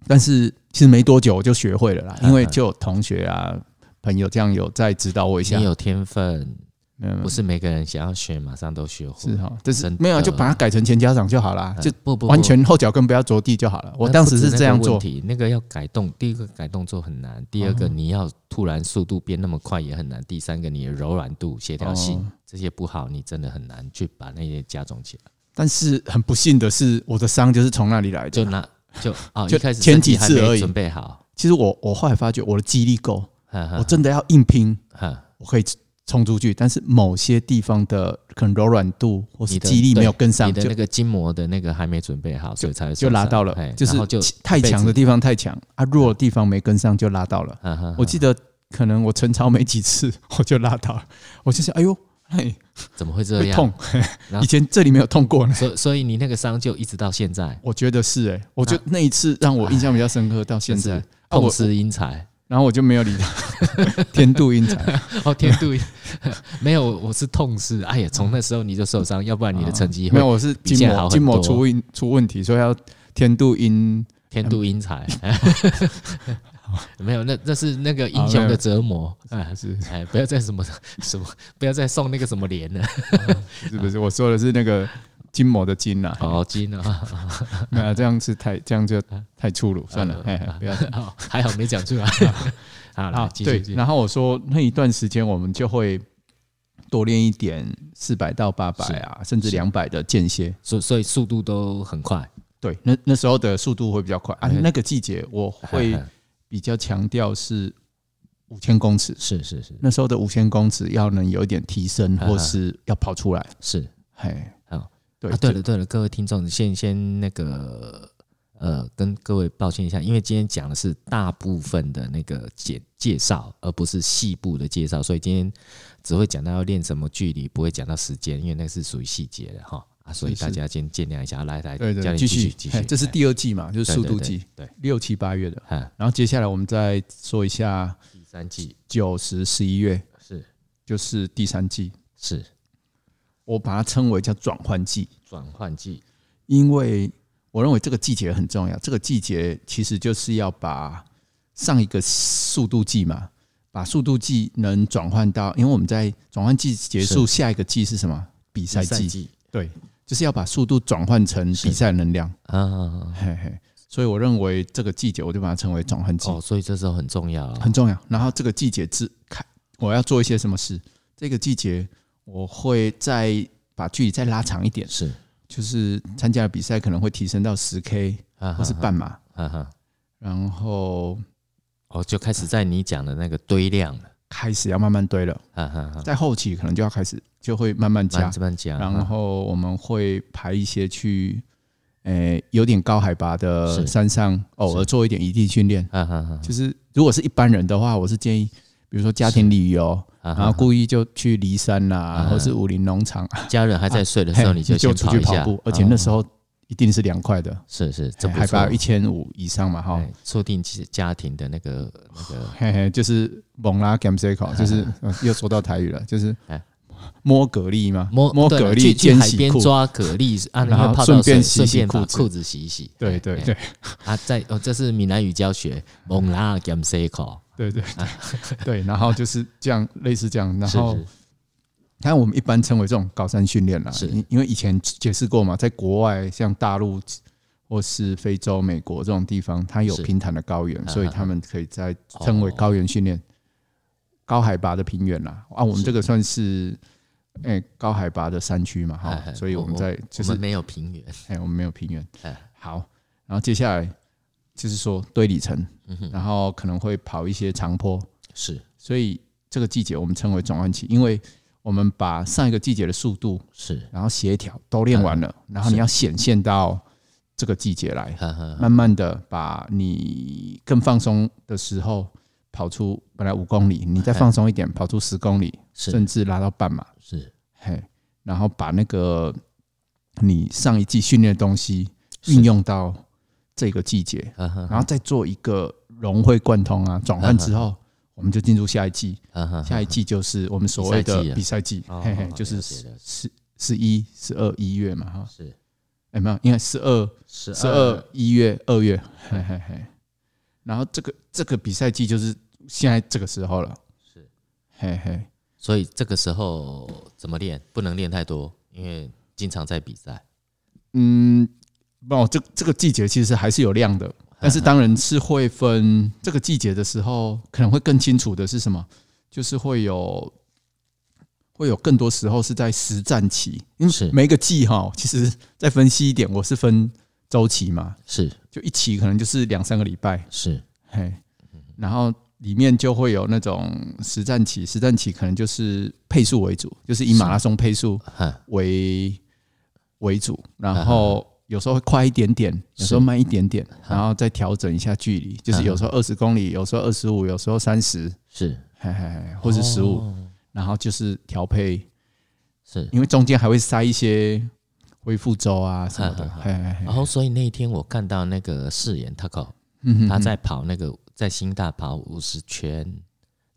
但是其實沒多久我就學會了啦，因為就有同學啊、嗯、朋友這樣有在指導我一下。你有天分，嗯，不是每個人想要學馬上都學會。是哦，就是沒有、啊、就把它改成前腳掌就、嗯、就，就好了，就、嗯、不不完全後腳跟不要着地就好了。我當時是這樣做。問題，那個要改動，第一個改動作很難，第二個你要突然速度變那麼快也很難，第三個你的柔軟度、協調性、哦、這些不好，你真的很難去把那些加重起來。但是很不幸的是，我的傷就是從那裡來的。就那。就啊，就開始就前幾次而已，準備好。其實我我後來發覺我的肌力夠，我真的要硬拼，我可以衝出去。但是某些地方的可能柔軟度，或是肌力沒有跟上，你的那個筋膜的那個還沒準備好，所以才就拉到了。就是太強的地方太強啊，弱的地方沒跟上就拉到了啊。我記得可能我晨操沒幾次我就拉到了，我就想哎呦。哎，怎麼會這樣？痛，以前這裡沒有痛過呢。所所以你那個傷就一直到現在。我覺得是哎、欸，我就那一次讓我印象比較深刻，到現在是痛失英才，啊，然後我就沒有理他。天妒英才， 哦，天妒，沒有，我是痛失。哎呀，從那時候你就受傷，要不然你的成績沒有，我是筋膜筋膜出出問題，所以要天妒英天妒英才。 沒有，那那是那個英雄的折磨、哦、啊！是，是，是哎，不要再什麼什麼，不要再送那個什麼連了，是不是、啊？我說的是那個筋膜的筋啊，好、哦、筋、哦、啊，沒有、啊啊、這樣是太這樣就太粗魯，啊、算了，啊、哎，啊、不、啊、還好沒講出來。 好，來好，對，然後我說那一段時間我們就會多練一點四百到八百啊，甚至兩百的間歇，所以速度都很快。對，那那時候的速度會比較快啊。那個季節我會。比較強調是五千公尺，是是是，那時候的五千公尺要能有一點提升，或是要跑出來、啊，是，哎，啊，對，對了，對了，各位聽眾，先先那個，呃，跟各位抱歉一下，因為今天講的是大部分的那個介紹，而不是細部的介紹，所以今天只會講到要練什麼距離，不會講到時間，因為那個是屬於細節的哈。啊，所以大家先見諒一下，來來，對，繼續繼續，這是第二季嘛，就是速度季，對，六七八月的。然後接下來我們再說一下第三季，九十十一月是，就是第三季，是我把它稱為叫轉換季，轉換季，因為我認為這個季節很重要，這個季節其實就是要把上一個速度季嘛，把速度季能轉換到，因為我們在轉換季結束，下一個季是什麼？比賽季。對，就是要把速度轉換成比賽能量啊，啊，啊，嘿嘿。所以我認為這個季節，我就把它稱為轉換季。哦，所以這時候很重要啊，很重要。然後這個季節之開，我要做一些什麼事？這個季節我會再把距離再拉長一點，是，就是參加的比賽可能會提升到十 K，或是半馬，哈、啊、哈、啊啊啊啊。然後，哦，就開始在你講的那個堆量了。開始要慢慢堆了。在後期可能就要開始，就會慢慢加，然後我們會排一些去，誒，有點高海拔的山上，偶爾做一點移地訓練。就是如果是一般人的話，我是建議，比如說家庭旅遊，然後故意就去梨山啦，或是武陵農場，啊。家人還在睡的時候，你就就出去跑步，而且那時候。一定是涼快的，是是，海拔一千五以上嘛，哈，說定其實家庭的那個那個，嘿嘿，就是蒙拉甘塞克，就是又說到台語了，就是摸蛤蜊嘛，摸蛤蜊，去海邊抓蛤蜊，然後順便洗、啊、順便洗褲子，褲子洗一洗，對對對，啊，在哦，這是閩南語教學，蒙拉甘塞克，對對對，對， 然後就是這樣， 類似這樣，然後。是是但我們一般稱為這種高山訓練啦，是，因為以前解釋過嘛，在國外像大陸或是非洲、美國這種地方，它有平坦的高原，所以他們可以在稱為高原訓練、高海拔的平原啦。啊，我們這個算是誒高海拔的山區嘛，哈，所以我們在就是沒有平原，哎，我們沒有平原。好，然後接下來就是說堆里程，然後可能會跑一些長坡，是，所以這個季節我們稱為轉換期，因為。我們把上一個季節的速度是，然後協調都練完了，然後你要顯現到這個季節來，慢慢的把你更放鬆的時候跑出本來五公里，你再放鬆一點跑出十公里，甚至拉到半馬是，嘿，然後把那個你上一季訓練的東西運用到這個季節，然後再做一個融會貫通啊轉換之後。我們就進入下一季，下一季就是我們所謂的比賽季，就是十十十一十二一月嘛，哈，是，哎，沒有，應該十二十二一月二月，嘿嘿嘿，然後這個這個比賽季就是現在這個時候了，是，嘿嘿、嗯，嗯、所以這個時候怎麼練，不能練太多，因為經常在比賽，嗯，哦，這這個季節其實還是有量的。但是當然是會分這個季節的時候，可能會更清楚的是什麼？就是會有，會有更多時候是在實戰期。因為是每一個季哈，其實再分析一點，我是分週期嘛。是，就一期可能就是兩三個禮拜。是，嘿，然後裡面就會有那種實戰期，實戰期可能就是配速為主，就是以馬拉松配速為為主，然後。有時候會快一點點，有時候慢一點點，然後再調整一下距離。就是有時候二十公里，有時候二十五，有時候三十，是，嘿嘿嘿，或者十五，然後就是調配。是因為中間還會塞一些恢復周啊什麼的，然後、哦、所以那一天我看到那個世岩他搞，他在跑那個在新大跑五十圈嗯哼嗯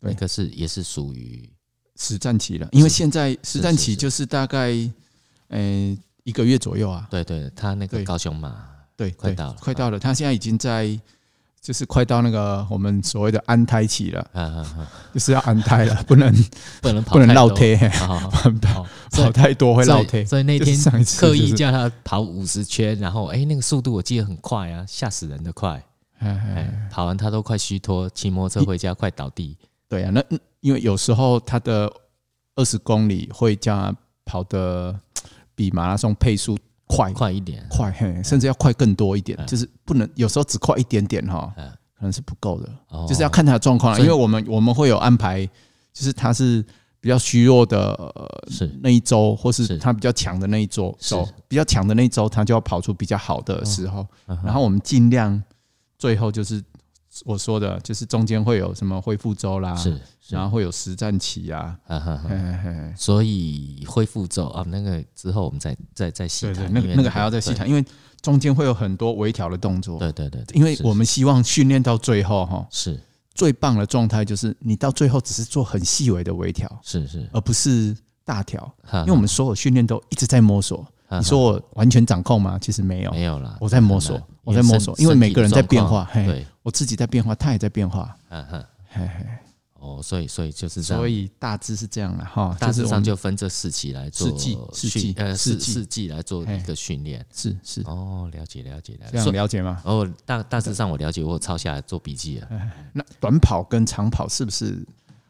哼，那個是也是屬於實戰期了。因為現在實戰期就是大概，嗯。是是是是欸一個月左右啊，對對，他那個高雄馬，對，快到了，快到了，他現在已經在，就是快到那個我們所謂的安胎期了，啊，就是要安胎了，不能不能不能落胎，不能跑太 跑太多會落胎，所以那天刻意叫他跑五十圈，然後哎、欸，那個速度我記得很快啊，嚇死人的快、欸，跑完他都快虛脫，騎摩托車回家快倒地，對啊，那因為有時候他的二十公里會叫他跑的。比馬拉松配速快，快快一點、啊，快嘿，甚至要快更多一點，就是不能有時候只快一點點哈，可能是不夠的，就是要看他的狀況，因為我們我們會有安排，就是他是比較虛弱的呃那一周，或是他比較強的那一周，比較強的那一周，他就要跑出比較好的，的時候，然後我們盡量最後就是。我說的就是中間會有什麼恢復周啦是，是，然後會有實戰期啊，啊哈哈嘿嘿所以恢復周、嗯、啊，那個之後我們再再再細談，那個那個還要再細談，因為中間會有很多微調的動作，對對對，因為我們希望訓練到最後哈，是，是最棒的狀態就是你到最後只是做很細微的微調，是是，而不是大調、啊，因為我們所有訓練都一直在摸索、啊在摸索啊，你說我完全掌控嗎？其實沒有沒有啦。我在摸索，我在摸索，因為每個人在變化，嘿對。我自己在變化，他也在變化。嗯哼，嘿嘿，哦，所以，所以就是這樣，所以大致是這樣了哈。大致上就分這四期來做，四季，四季，四季、呃、來做一個訓練。是是，哦，了解了解了解，了，這樣了解嗎？哦，大大致上我了解，我抄下來做筆記了、嗯。那短跑跟長跑是不是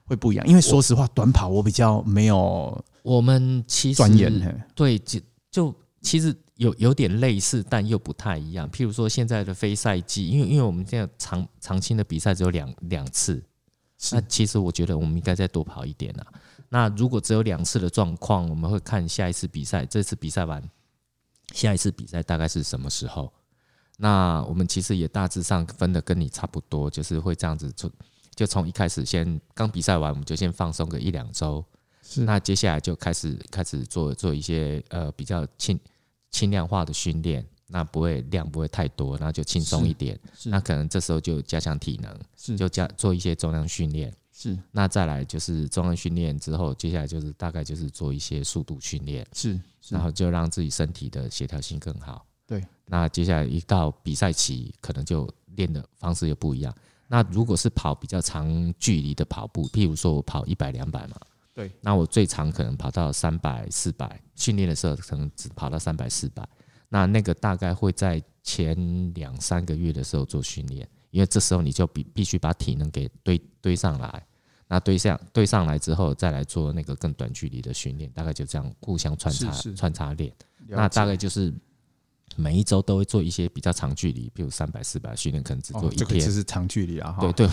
會不一樣？因為說實話，短跑我比較沒有。我們其實對，就，就其實。有有點類似，但又不太一樣。譬如說，現在的非賽季，因為因為我們現在長長青的比賽只有兩兩次，那其實我覺得我們應該再多跑一點了。那如果只有兩次的狀況，我們會看下一次比賽。這次比賽完，下一次比賽大概是什麼時候？那我們其實也大致上分得跟你差不多，就是會這樣子做，就就從一開始先剛比賽完，我們就先放鬆個一兩周。是。那接下來就開始開始做做一些呃比較輕。輕量化的訓練，那不會量不會太多，那就輕鬆一點。是，那可能這時候就加強體能，是，就加做一些重量訓練。是，那再來就是重量訓練之後，接下來就是大概就是做一些速度訓練。是，然後就讓自己身體的協調性更好。對。那接下來一到比賽期，可能就練的方式又不一樣。那如果是跑比較長距離的跑步，譬如說我跑一百、兩百嘛。對，那我最長可能跑到三百四百，訓練的時候可能只跑到三百四百。那那個大概會在前兩三個月的時候做訓練，因為這時候你就必必須把體能給堆堆上來。那堆上堆上來之後，再來做那個更短距離的訓練，大概就這樣互相穿插穿插練。是是，那大概就是。每一周都會做一些比較長距離，比如三百、四百訓練，可能只做一天，這、哦、是長距離啊。對對，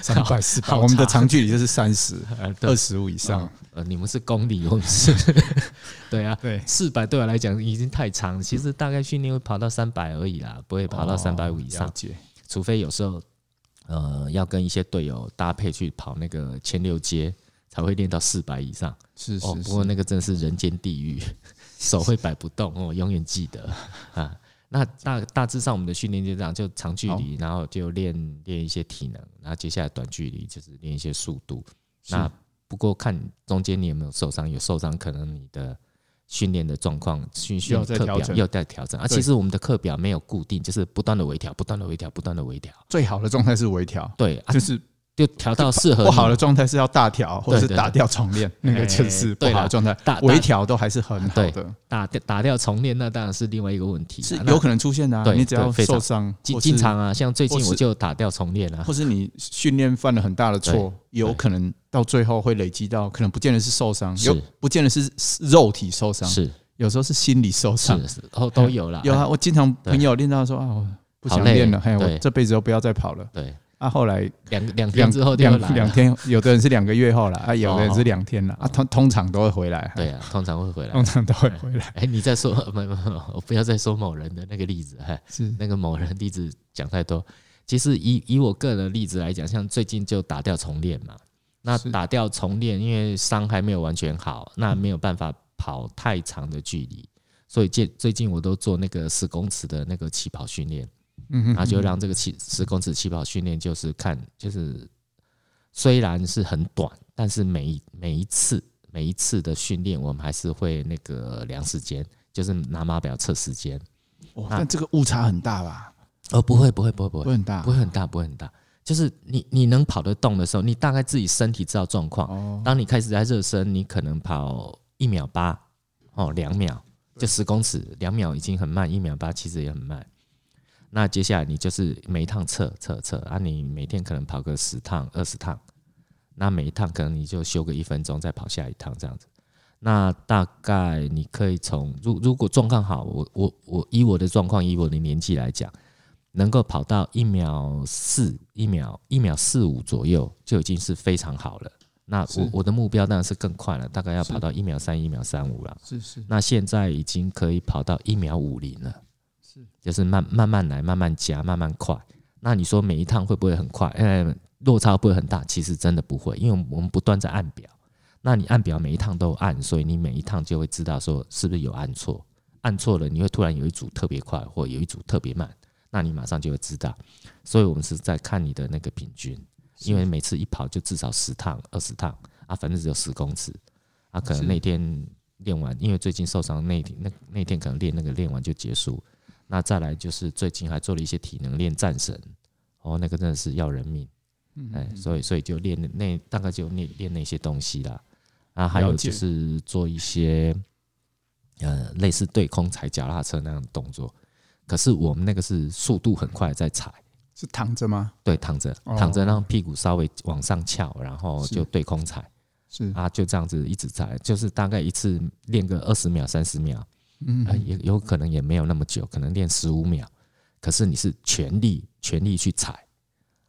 三百四百，我們的長距離就是三十、啊、二十五以上、啊。呃，你們是公里，或者是。 對啊，對四百對我來講已經太長了。其實大概訓練會跑到三百而已啦，不會跑到三百五以上、哦，除非有時候呃要跟一些隊友搭配去跑那個千六階才會練到四百以上。是，是哦，不過那個真的是人間地獄。嗯嗯。手會擺不動，我永遠記得啊。那大大致上我們的訓練就這樣，就長距離，哦、然後就練練一些體能，然後接下來短距離就是練一些速度。那不過看中間你有沒有受傷，有受傷可能你的訓練的狀況需要再調整，課表又在調整。啊，其實我們的課表沒有固定，就是不斷的微調，不斷的微調，不斷的微調。最好的狀態是微調，對，啊、就是。就調到適合，不好的狀態是要大調，或是打掉重練，那個就是不好的狀態，微調都還是很好的。打、打掉重練那當然是另外一個問題，是有可能出現啊。你只要受傷，我經常啊，像最近我就打掉重練了，或是你訓練犯了很大的錯，有可能到最後會累積到，可能不見得是受傷，有，不見得是肉體受傷，是有時候是心理受傷，哦都有啦、哎。有啊，我經常朋友練到說啊，我不想練了，嘿，我這輩子都不要再跑了。對。對啊，後來兩兩天之後掉了。兩天，有的人是兩個月後了， 啊，有的人是兩天了、哦，啊，通通常都會回來。對啊，通常會回來，通常都會回來、欸。哎，你再說，沒有沒有，我不要再說某人的那個例子，欸、是那個某人例子講太多。其實以以我個人的例子來講，像最近就打掉重練嘛，那打掉重練，因為傷還沒有完全好，那沒有辦法跑太長的距離，所以最最近我都做那個十公尺的那個起跑訓練。嗯， 然後就讓這個起十公尺起跑訓練，就是看，就是雖然是很短，但是每一每一次每一次的訓練，我們還是會那個量時間，就是拿碼錶測時間。哇、哦，那但這個誤差很大吧？哦，不會，不會，不會，不會很大，不會很大，不會很大。就是你你能跑得動的時候，你大概自己身體知道狀況。哦。當你開始在熱身，你可能跑一秒八哦，兩秒就十公尺，兩秒已經很慢，一秒八其實也很慢。那接下來你就是每一趟測測測啊！你每天可能跑個十趟、二十趟，那每一趟可能你就休個一分鐘，再跑下一趟這樣子。那大概你可以從，如果如果狀況好，我我我以我的狀況，以我的年紀來講，能夠跑到一秒四、一秒一秒四五左右，就已經是非常好了。那我我的目標當然是更快了，大概要跑到一秒三、一秒三五了。是是，是，是。那現在已經可以跑到一秒五十了。就是慢慢慢來，慢慢加，慢慢快。那你說每一趟會不會很快？呃，落差會不會很大？其實真的不會，因為我們不斷在按表。那你按表每一趟都按，所以你每一趟就會知道說是不是有按錯。按錯了，你會突然有一組特別快，或有一組特別慢，那你馬上就會知道。所以我們是在看你的那個平均，因為每次一跑就至少十趟、二十趟啊，反正只有十公尺啊。可能那天練完，因為最近受傷，那那那天可能練那個練完就結束。那再來就是最近還做了一些體能練戰神，哦，那個真的是要人命，哎、嗯嗯欸，所以所以就練那大概就練練那些東西啦，啊，還有就是做一些，呃，類似對空踩腳踏車那樣的動作，可是我們那個是速度很快在踩。是躺着嗎？對，躺着躺着讓屁股稍微往上翹，然後就對空踩。是，是啊，就這樣子一直踩，就是大概一次練個二十秒三十秒。嗯、哎，也有可能也沒有那麼久，可能練十五秒，可是你是全力全力去踩，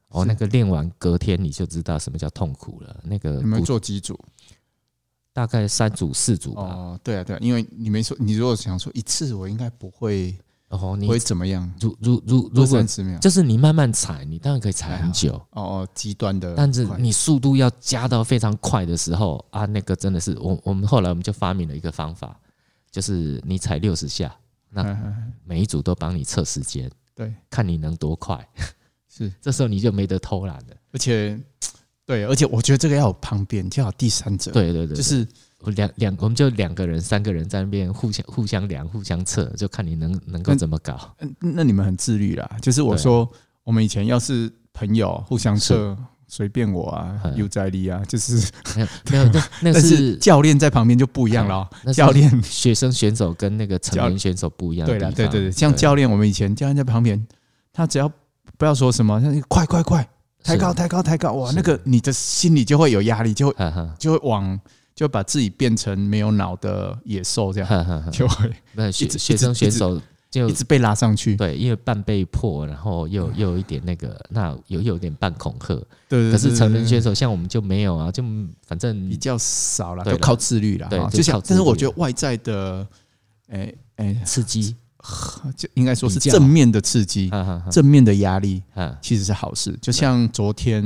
哦，那個練完隔天你就知道什麼叫痛苦了。那個你們做幾組？大概三組四組吧。哦，對啊對啊，因為你沒說，你如果想說一次，我應該不會哦，你會怎麼樣？如如如，如果就是你慢慢踩，你當然可以踩很久。哦、啊、哦，極端的，但是你速度要加到非常快的時候啊，那個真的是我我們後來我們就發明了一個方法。就是你踩六十下，那每一組都幫你測時間，嗯嗯嗯對，看你能多快。是呵呵，這時候你就沒得偷懶了。而且，對，而且我覺得這個要有旁邊，就要有第三者。對對對，對，就是兩兩，我們就兩個人、三個人在那邊互相、互相量、互相測，就看你能能夠怎麼搞，嗯嗯。那你們很自律啦。就是我說，我們以前要是朋友，互相測。隨便我啊，啊有在力啊，就是沒有沒有， 但是教練在旁邊就不一樣了。教練、學生選手跟那個成人選手不一樣的。對了，對對對，對像教練，我們以前教練在旁邊，他只要不要說什麼，快快快，抬高抬高抬高，哇，那個你的心裡就會有壓力，就會就會往就會把自己變成沒有腦的野獸這樣，呵呵呵就會那學學生選手。就一直被拉上去，對，因為半被迫，然後又、啊、又有一點那個，那又有一點半恐嚇，對，對。可是成人選手像我們就沒有啊，就反正比較少啦，就靠自律啦。對，就像，但是我覺得外在的，哎、欸、哎、欸，刺激、呃，就應該說是正面的刺激，正面的壓、啊、力，啊、其實是好事。就像昨天，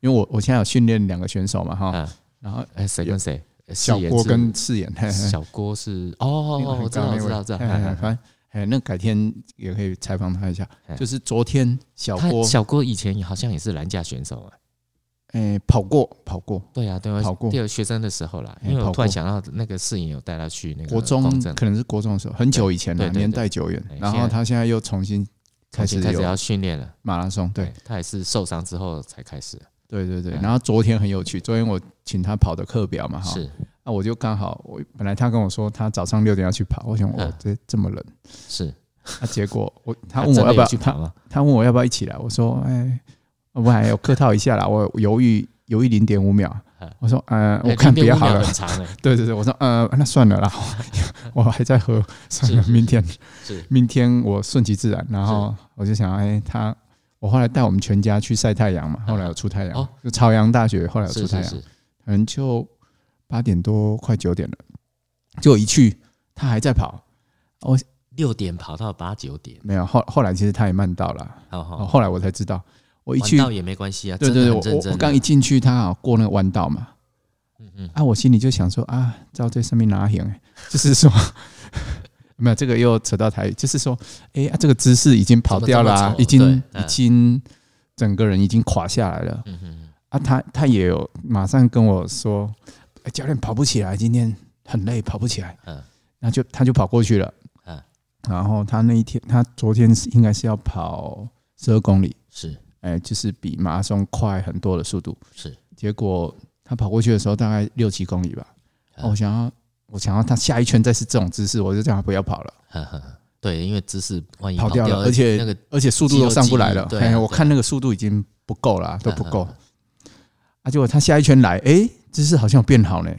因為我我現在有訓練兩個選手嘛，哈，啊、然後誰跟誰？小郭跟赤眼。小郭是，嘿嘿小郭是哦，哦，知道知道知道，嘿嘿嘿哎、欸，那改天也可以採訪他一下。就是昨天小郭，小郭以前也好像也是欄架選手啊。哎，跑過，跑過。對啊，對啊，跑過。就有學生的時候啦，因為我突然想到那個攝影有帶他去那個的過國中，可能是國中的時候，很久以前了，對對對對，年代久遠。然後他現在又重新開始開要訓練了馬拉松。對，他也是受傷之後才開始。對對對，然後昨天很有趣，昨天我請他跑的課表嘛哈。那我就剛好，我本來他跟我說他早上六點要去跑，我想我這這麼冷，啊、是。那、啊、結果我他問我要不要去跑他，他問我要不要一起來？我說哎、欸，我還要客套一下啦。我猶豫猶豫零點五秒、啊，我說嗯、呃，我看比較好了、欸。對對對，我說嗯、呃，那算了啦我。我還在喝，算了，明天，明天我順其自然。然後我就想，哎、欸，他我後來帶我們全家去曬太陽嘛。後來有出太陽、啊，就朝陽大學後來有出太陽，可、啊、能、哦、就。八點多快九點了，就一去他還在跑。我六點跑到八九點沒有後，後來其實他也慢到了、哦哦。後來我才知道，我一去彎道也沒關係啊。對對對，我剛一進去他啊、喔、過那個彎道嘛，嗯嗯。啊，我心裡就想說啊，照這上面哪行？就是說 沒有這個又扯到台語，就是說哎呀、欸啊，這個姿勢已經跑掉了、啊麼麼，已經、嗯、已經整個人已經垮下來了。嗯嗯。啊，他他也有馬上跟我說。哎，教練跑不起來，今天很累，跑不起來。嗯，那就他就跑過去了。嗯，然後他那一天，他昨天應該是要跑十二公里。是，哎，就是比馬拉松快很多的速度。是，結果他跑過去的時候大概六七公里吧。我想要，我想要他下一圈再是這種姿勢，我就叫他不要跑了。對，因為姿勢萬一跑掉了，而且那個而且速度都上不來了。對，我看那個速度已經不夠了，都不夠。啊，結果他下一圈來，欸，哎。姿勢好像有變好呢，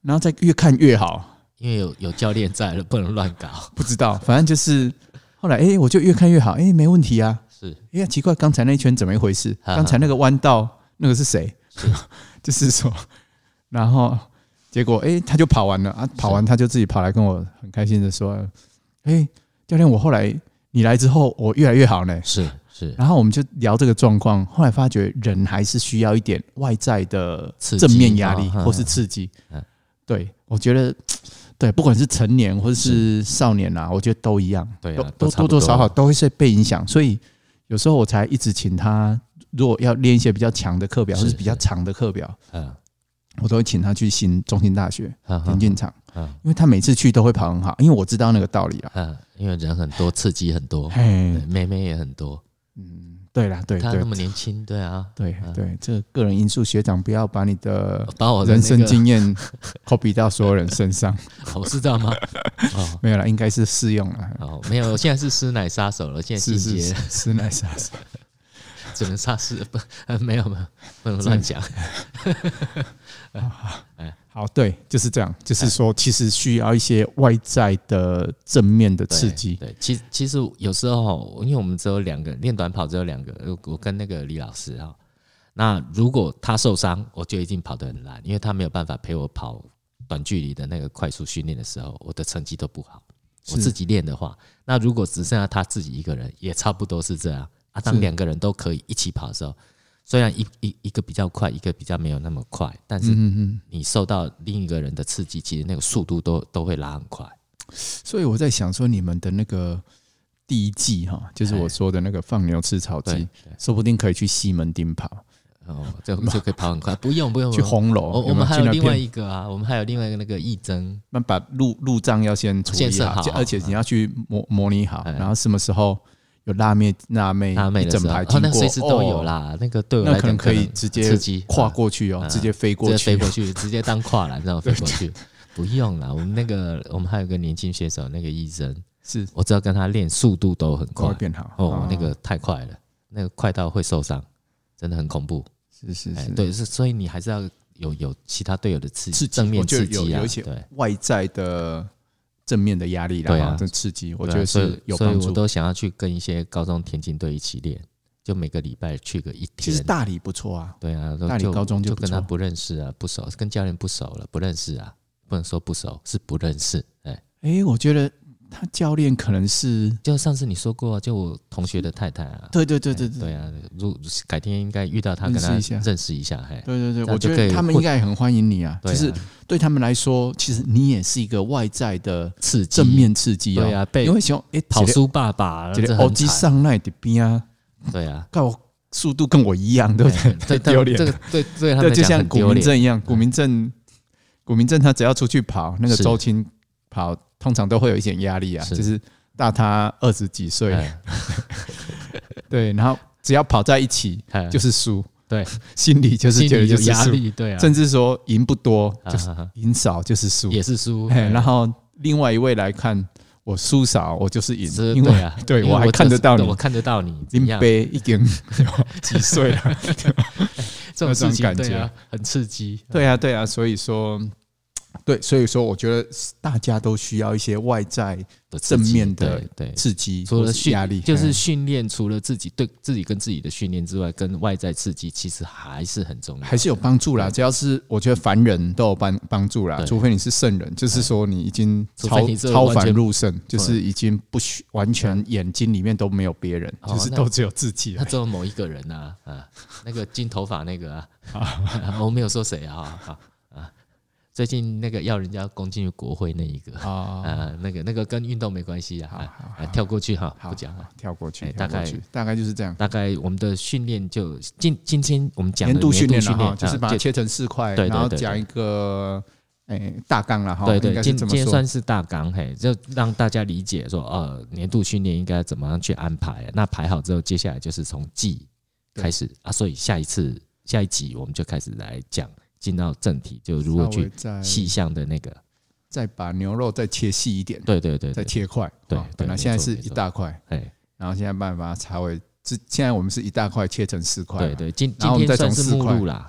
然後再越看越好 ，因為有有教練在了，不能亂搞。 不知道，反正就是後來，哎、欸，我就越看越好，哎、欸，沒問題啊。是，哎，奇怪，剛才那一圈怎麼一回事？剛才那個彎道，那個是誰？ 是就是說，然後結果，哎、欸，他就跑完了啊，跑完他就自己跑來跟我很開心的說：“哎、欸，教練，我後來你來之後，我越來越好呢。”是。然後我們就聊這個狀況，後來發覺人還是需要一點外在的正面壓力或是刺激，刺激、哦呵呵是刺激嗯。對，我覺得，對，不管是成年或者是少年、啊、是我覺得都一樣。啊、都，都多多少少都會被影響。所以有時候我才一直請他，如果要練一些比較強的課表是是或是比較長的課表、嗯，我都會請他去新中興大學田徑、嗯、場、嗯，因為他每次去都會跑很好，因為我知道那個道理啊、嗯嗯。因為人很多，刺激很多，嗯、妹妹也很多。嗯，對啦，對對，他那麼年輕，對,對啊，對對，這個個人因素，學長不要把你的把我人生經驗 copy 到所有人身上，我知道嗎、哦？沒有啦，應該是適用了、哦。沒有，現在是師奶殺手了，現在節是節師奶殺手只能殺死不，沒有沒有，不能亂講。好，對，就是這樣，就是說，其實需要一些外在的正面的刺激。對，對，其其實有時候，因為我們只有兩個練短跑，只有兩個，我跟那個李老師啊。那如果他受傷，我就一定跑得很爛，因為他沒有辦法陪我跑短距離的那個快速訓練的時候，我的成績都不好。我自己練的話，那如果只剩下他自己一個人，也差不多是這樣。啊，當兩個人都可以一起跑的時候。雖然一一一個比較快，一個比較沒有那麼快，但是你受到另一個人的刺激，其實那個速度都都會拉很快，嗯。所以我在想說，你們的那個第一季哈，就是我說的那個放牛吃草季，說不定可以去西門町跑，門町跑哦，這就，就可以跑很快。不用不用，不用，不用去紅樓，啊，我們還有另外一個啊，我們還有另外一個那個易爭，那把路路障要先建設好，好，而且你要去模，啊，模擬好，然後什麼時候？有辣妹、辣妹、辣妹,妹的整排，哦，那隨、個、時都有啦。哦、那個對我來講可,、那個、可,可以直接跨過去哦，啊啊、直,接去直接飛過去，直接飛過去，直接當跨欄這樣飛過去。不用啦，我們那個，我們還有個年輕選手，那個醫生是,是，我知道跟他練速度都很快，會變好、啊、哦。那個太快了，那個快到會受傷，真的很恐怖。是是是、哎，對，是所以你還是要有有其他隊友的刺,刺激，正面刺激啊，對，外在的。正面的壓力，對啊，跟刺激，我覺得是有幫助、啊、所以，所以我都想要去跟一些高中田徑隊一起練，就每個禮拜去個一天。其實大理不錯啊，對啊，就大理高中就，就跟他不認識啊，不熟，跟教練不熟了，不認識啊，不能說不熟，是不認識。哎，哎、欸，我覺得。他教練可能是就上次你說過、啊，就我同學的太太啊，對對對對對，對啊，如改天應該遇到他，跟他認識一下，對對對，我覺得他們應該很歡迎你啊，啊，就是對他們來說，其實你也是一個外在的刺、啊、正面刺激啊、哦，對啊，被因為像哎跑輸爸爸，了，歐雞上來的邊啊，對啊，看我速度跟我一樣，對不、啊對，啊對，啊、對？太丟臉，這個對他 對，就像古文鎮一樣，古民鎮，古民鎮，民他只要出去跑，那個周青。跑通常都會有一點壓力啊，是就是大他二十幾歲， 對，然後只要跑在一起就是輸，對，心裡就是覺得有壓力，對啊，甚至說贏不多、啊、哈哈就是贏少就是輸，也是輸、嗯。然後另外一位來看我輸少我就是贏，因為對啊，對我、就是、我還看得到你，我看得到你，杯已經幾歲了，這種感覺、啊、很刺激，對啊對啊，對啊，所以說。對，所以說，我覺得大家都需要一些外在的正面的刺激，除了壓力，就是訓練。除了自己對自己跟自己的訓練之外，跟外在刺激其實還是很重要，還是有幫助啦。只要是我覺得凡人都有幫幫助啦，除非你是聖人，就是說你已經超超凡入聖，就是已經不需完全眼睛裡面都沒有別人，就是都只有自己，哦。他只有某一個人啊， 啊，那個金頭髮那個啊， 啊，我沒有說誰啊。啊最近那個要人家攻進去國會那一個啊、哦呃，那個那個跟運動沒關係啊，好好好，跳好好好好好，跳過去哈，不講了，跳過去，大概大概就是這樣、欸，大概我們的訓練就今今天我們講年度訓練就是把它切成四塊，然後講一個哎大綱了哈，對對，對，對，對，對，今、欸、今天算是大綱嘿、欸，就讓大家理解說哦、呃、年度訓練應該怎麼樣去安排，那排好之後，接下來就是從季開始啊，所以下一次下一集我們就開始來講。進到正題，就如何去細項的那個，再把牛肉再切細一點，對對對，再切塊，對，本來現在是一大塊，哎，然後現在慢慢才會，這現在我們是一大塊切成四塊，對對，今今天算是目錄了，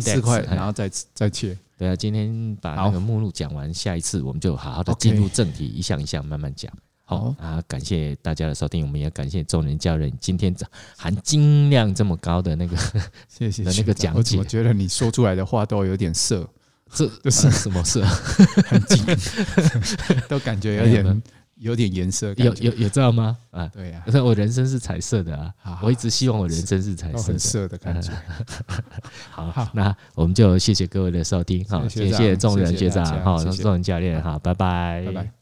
四塊，然後再再切，對啊，今天把那個目錄講完，下一次我們就好好的進入正題，一項一項慢慢講。好啊，感謝大家的收聽，我們也感謝仲仁教練今天這含金量這麼高的那個謝謝 那個講解。我怎麼覺得你說出來的話都有點色？這就是是、呃、什麼色？ 很金近， 都感覺有點有點顏色。有有有，有知道嗎？啊，對呀、啊，所以我人生是彩色的啊好好，我一直希望我人生是彩色的、啊，好好色的感覺、啊好。好，那我們就謝謝各位的收聽，好，謝謝仲仁學長，好，仲、哦、仁教練，好，拜拜。Bye bye bye bye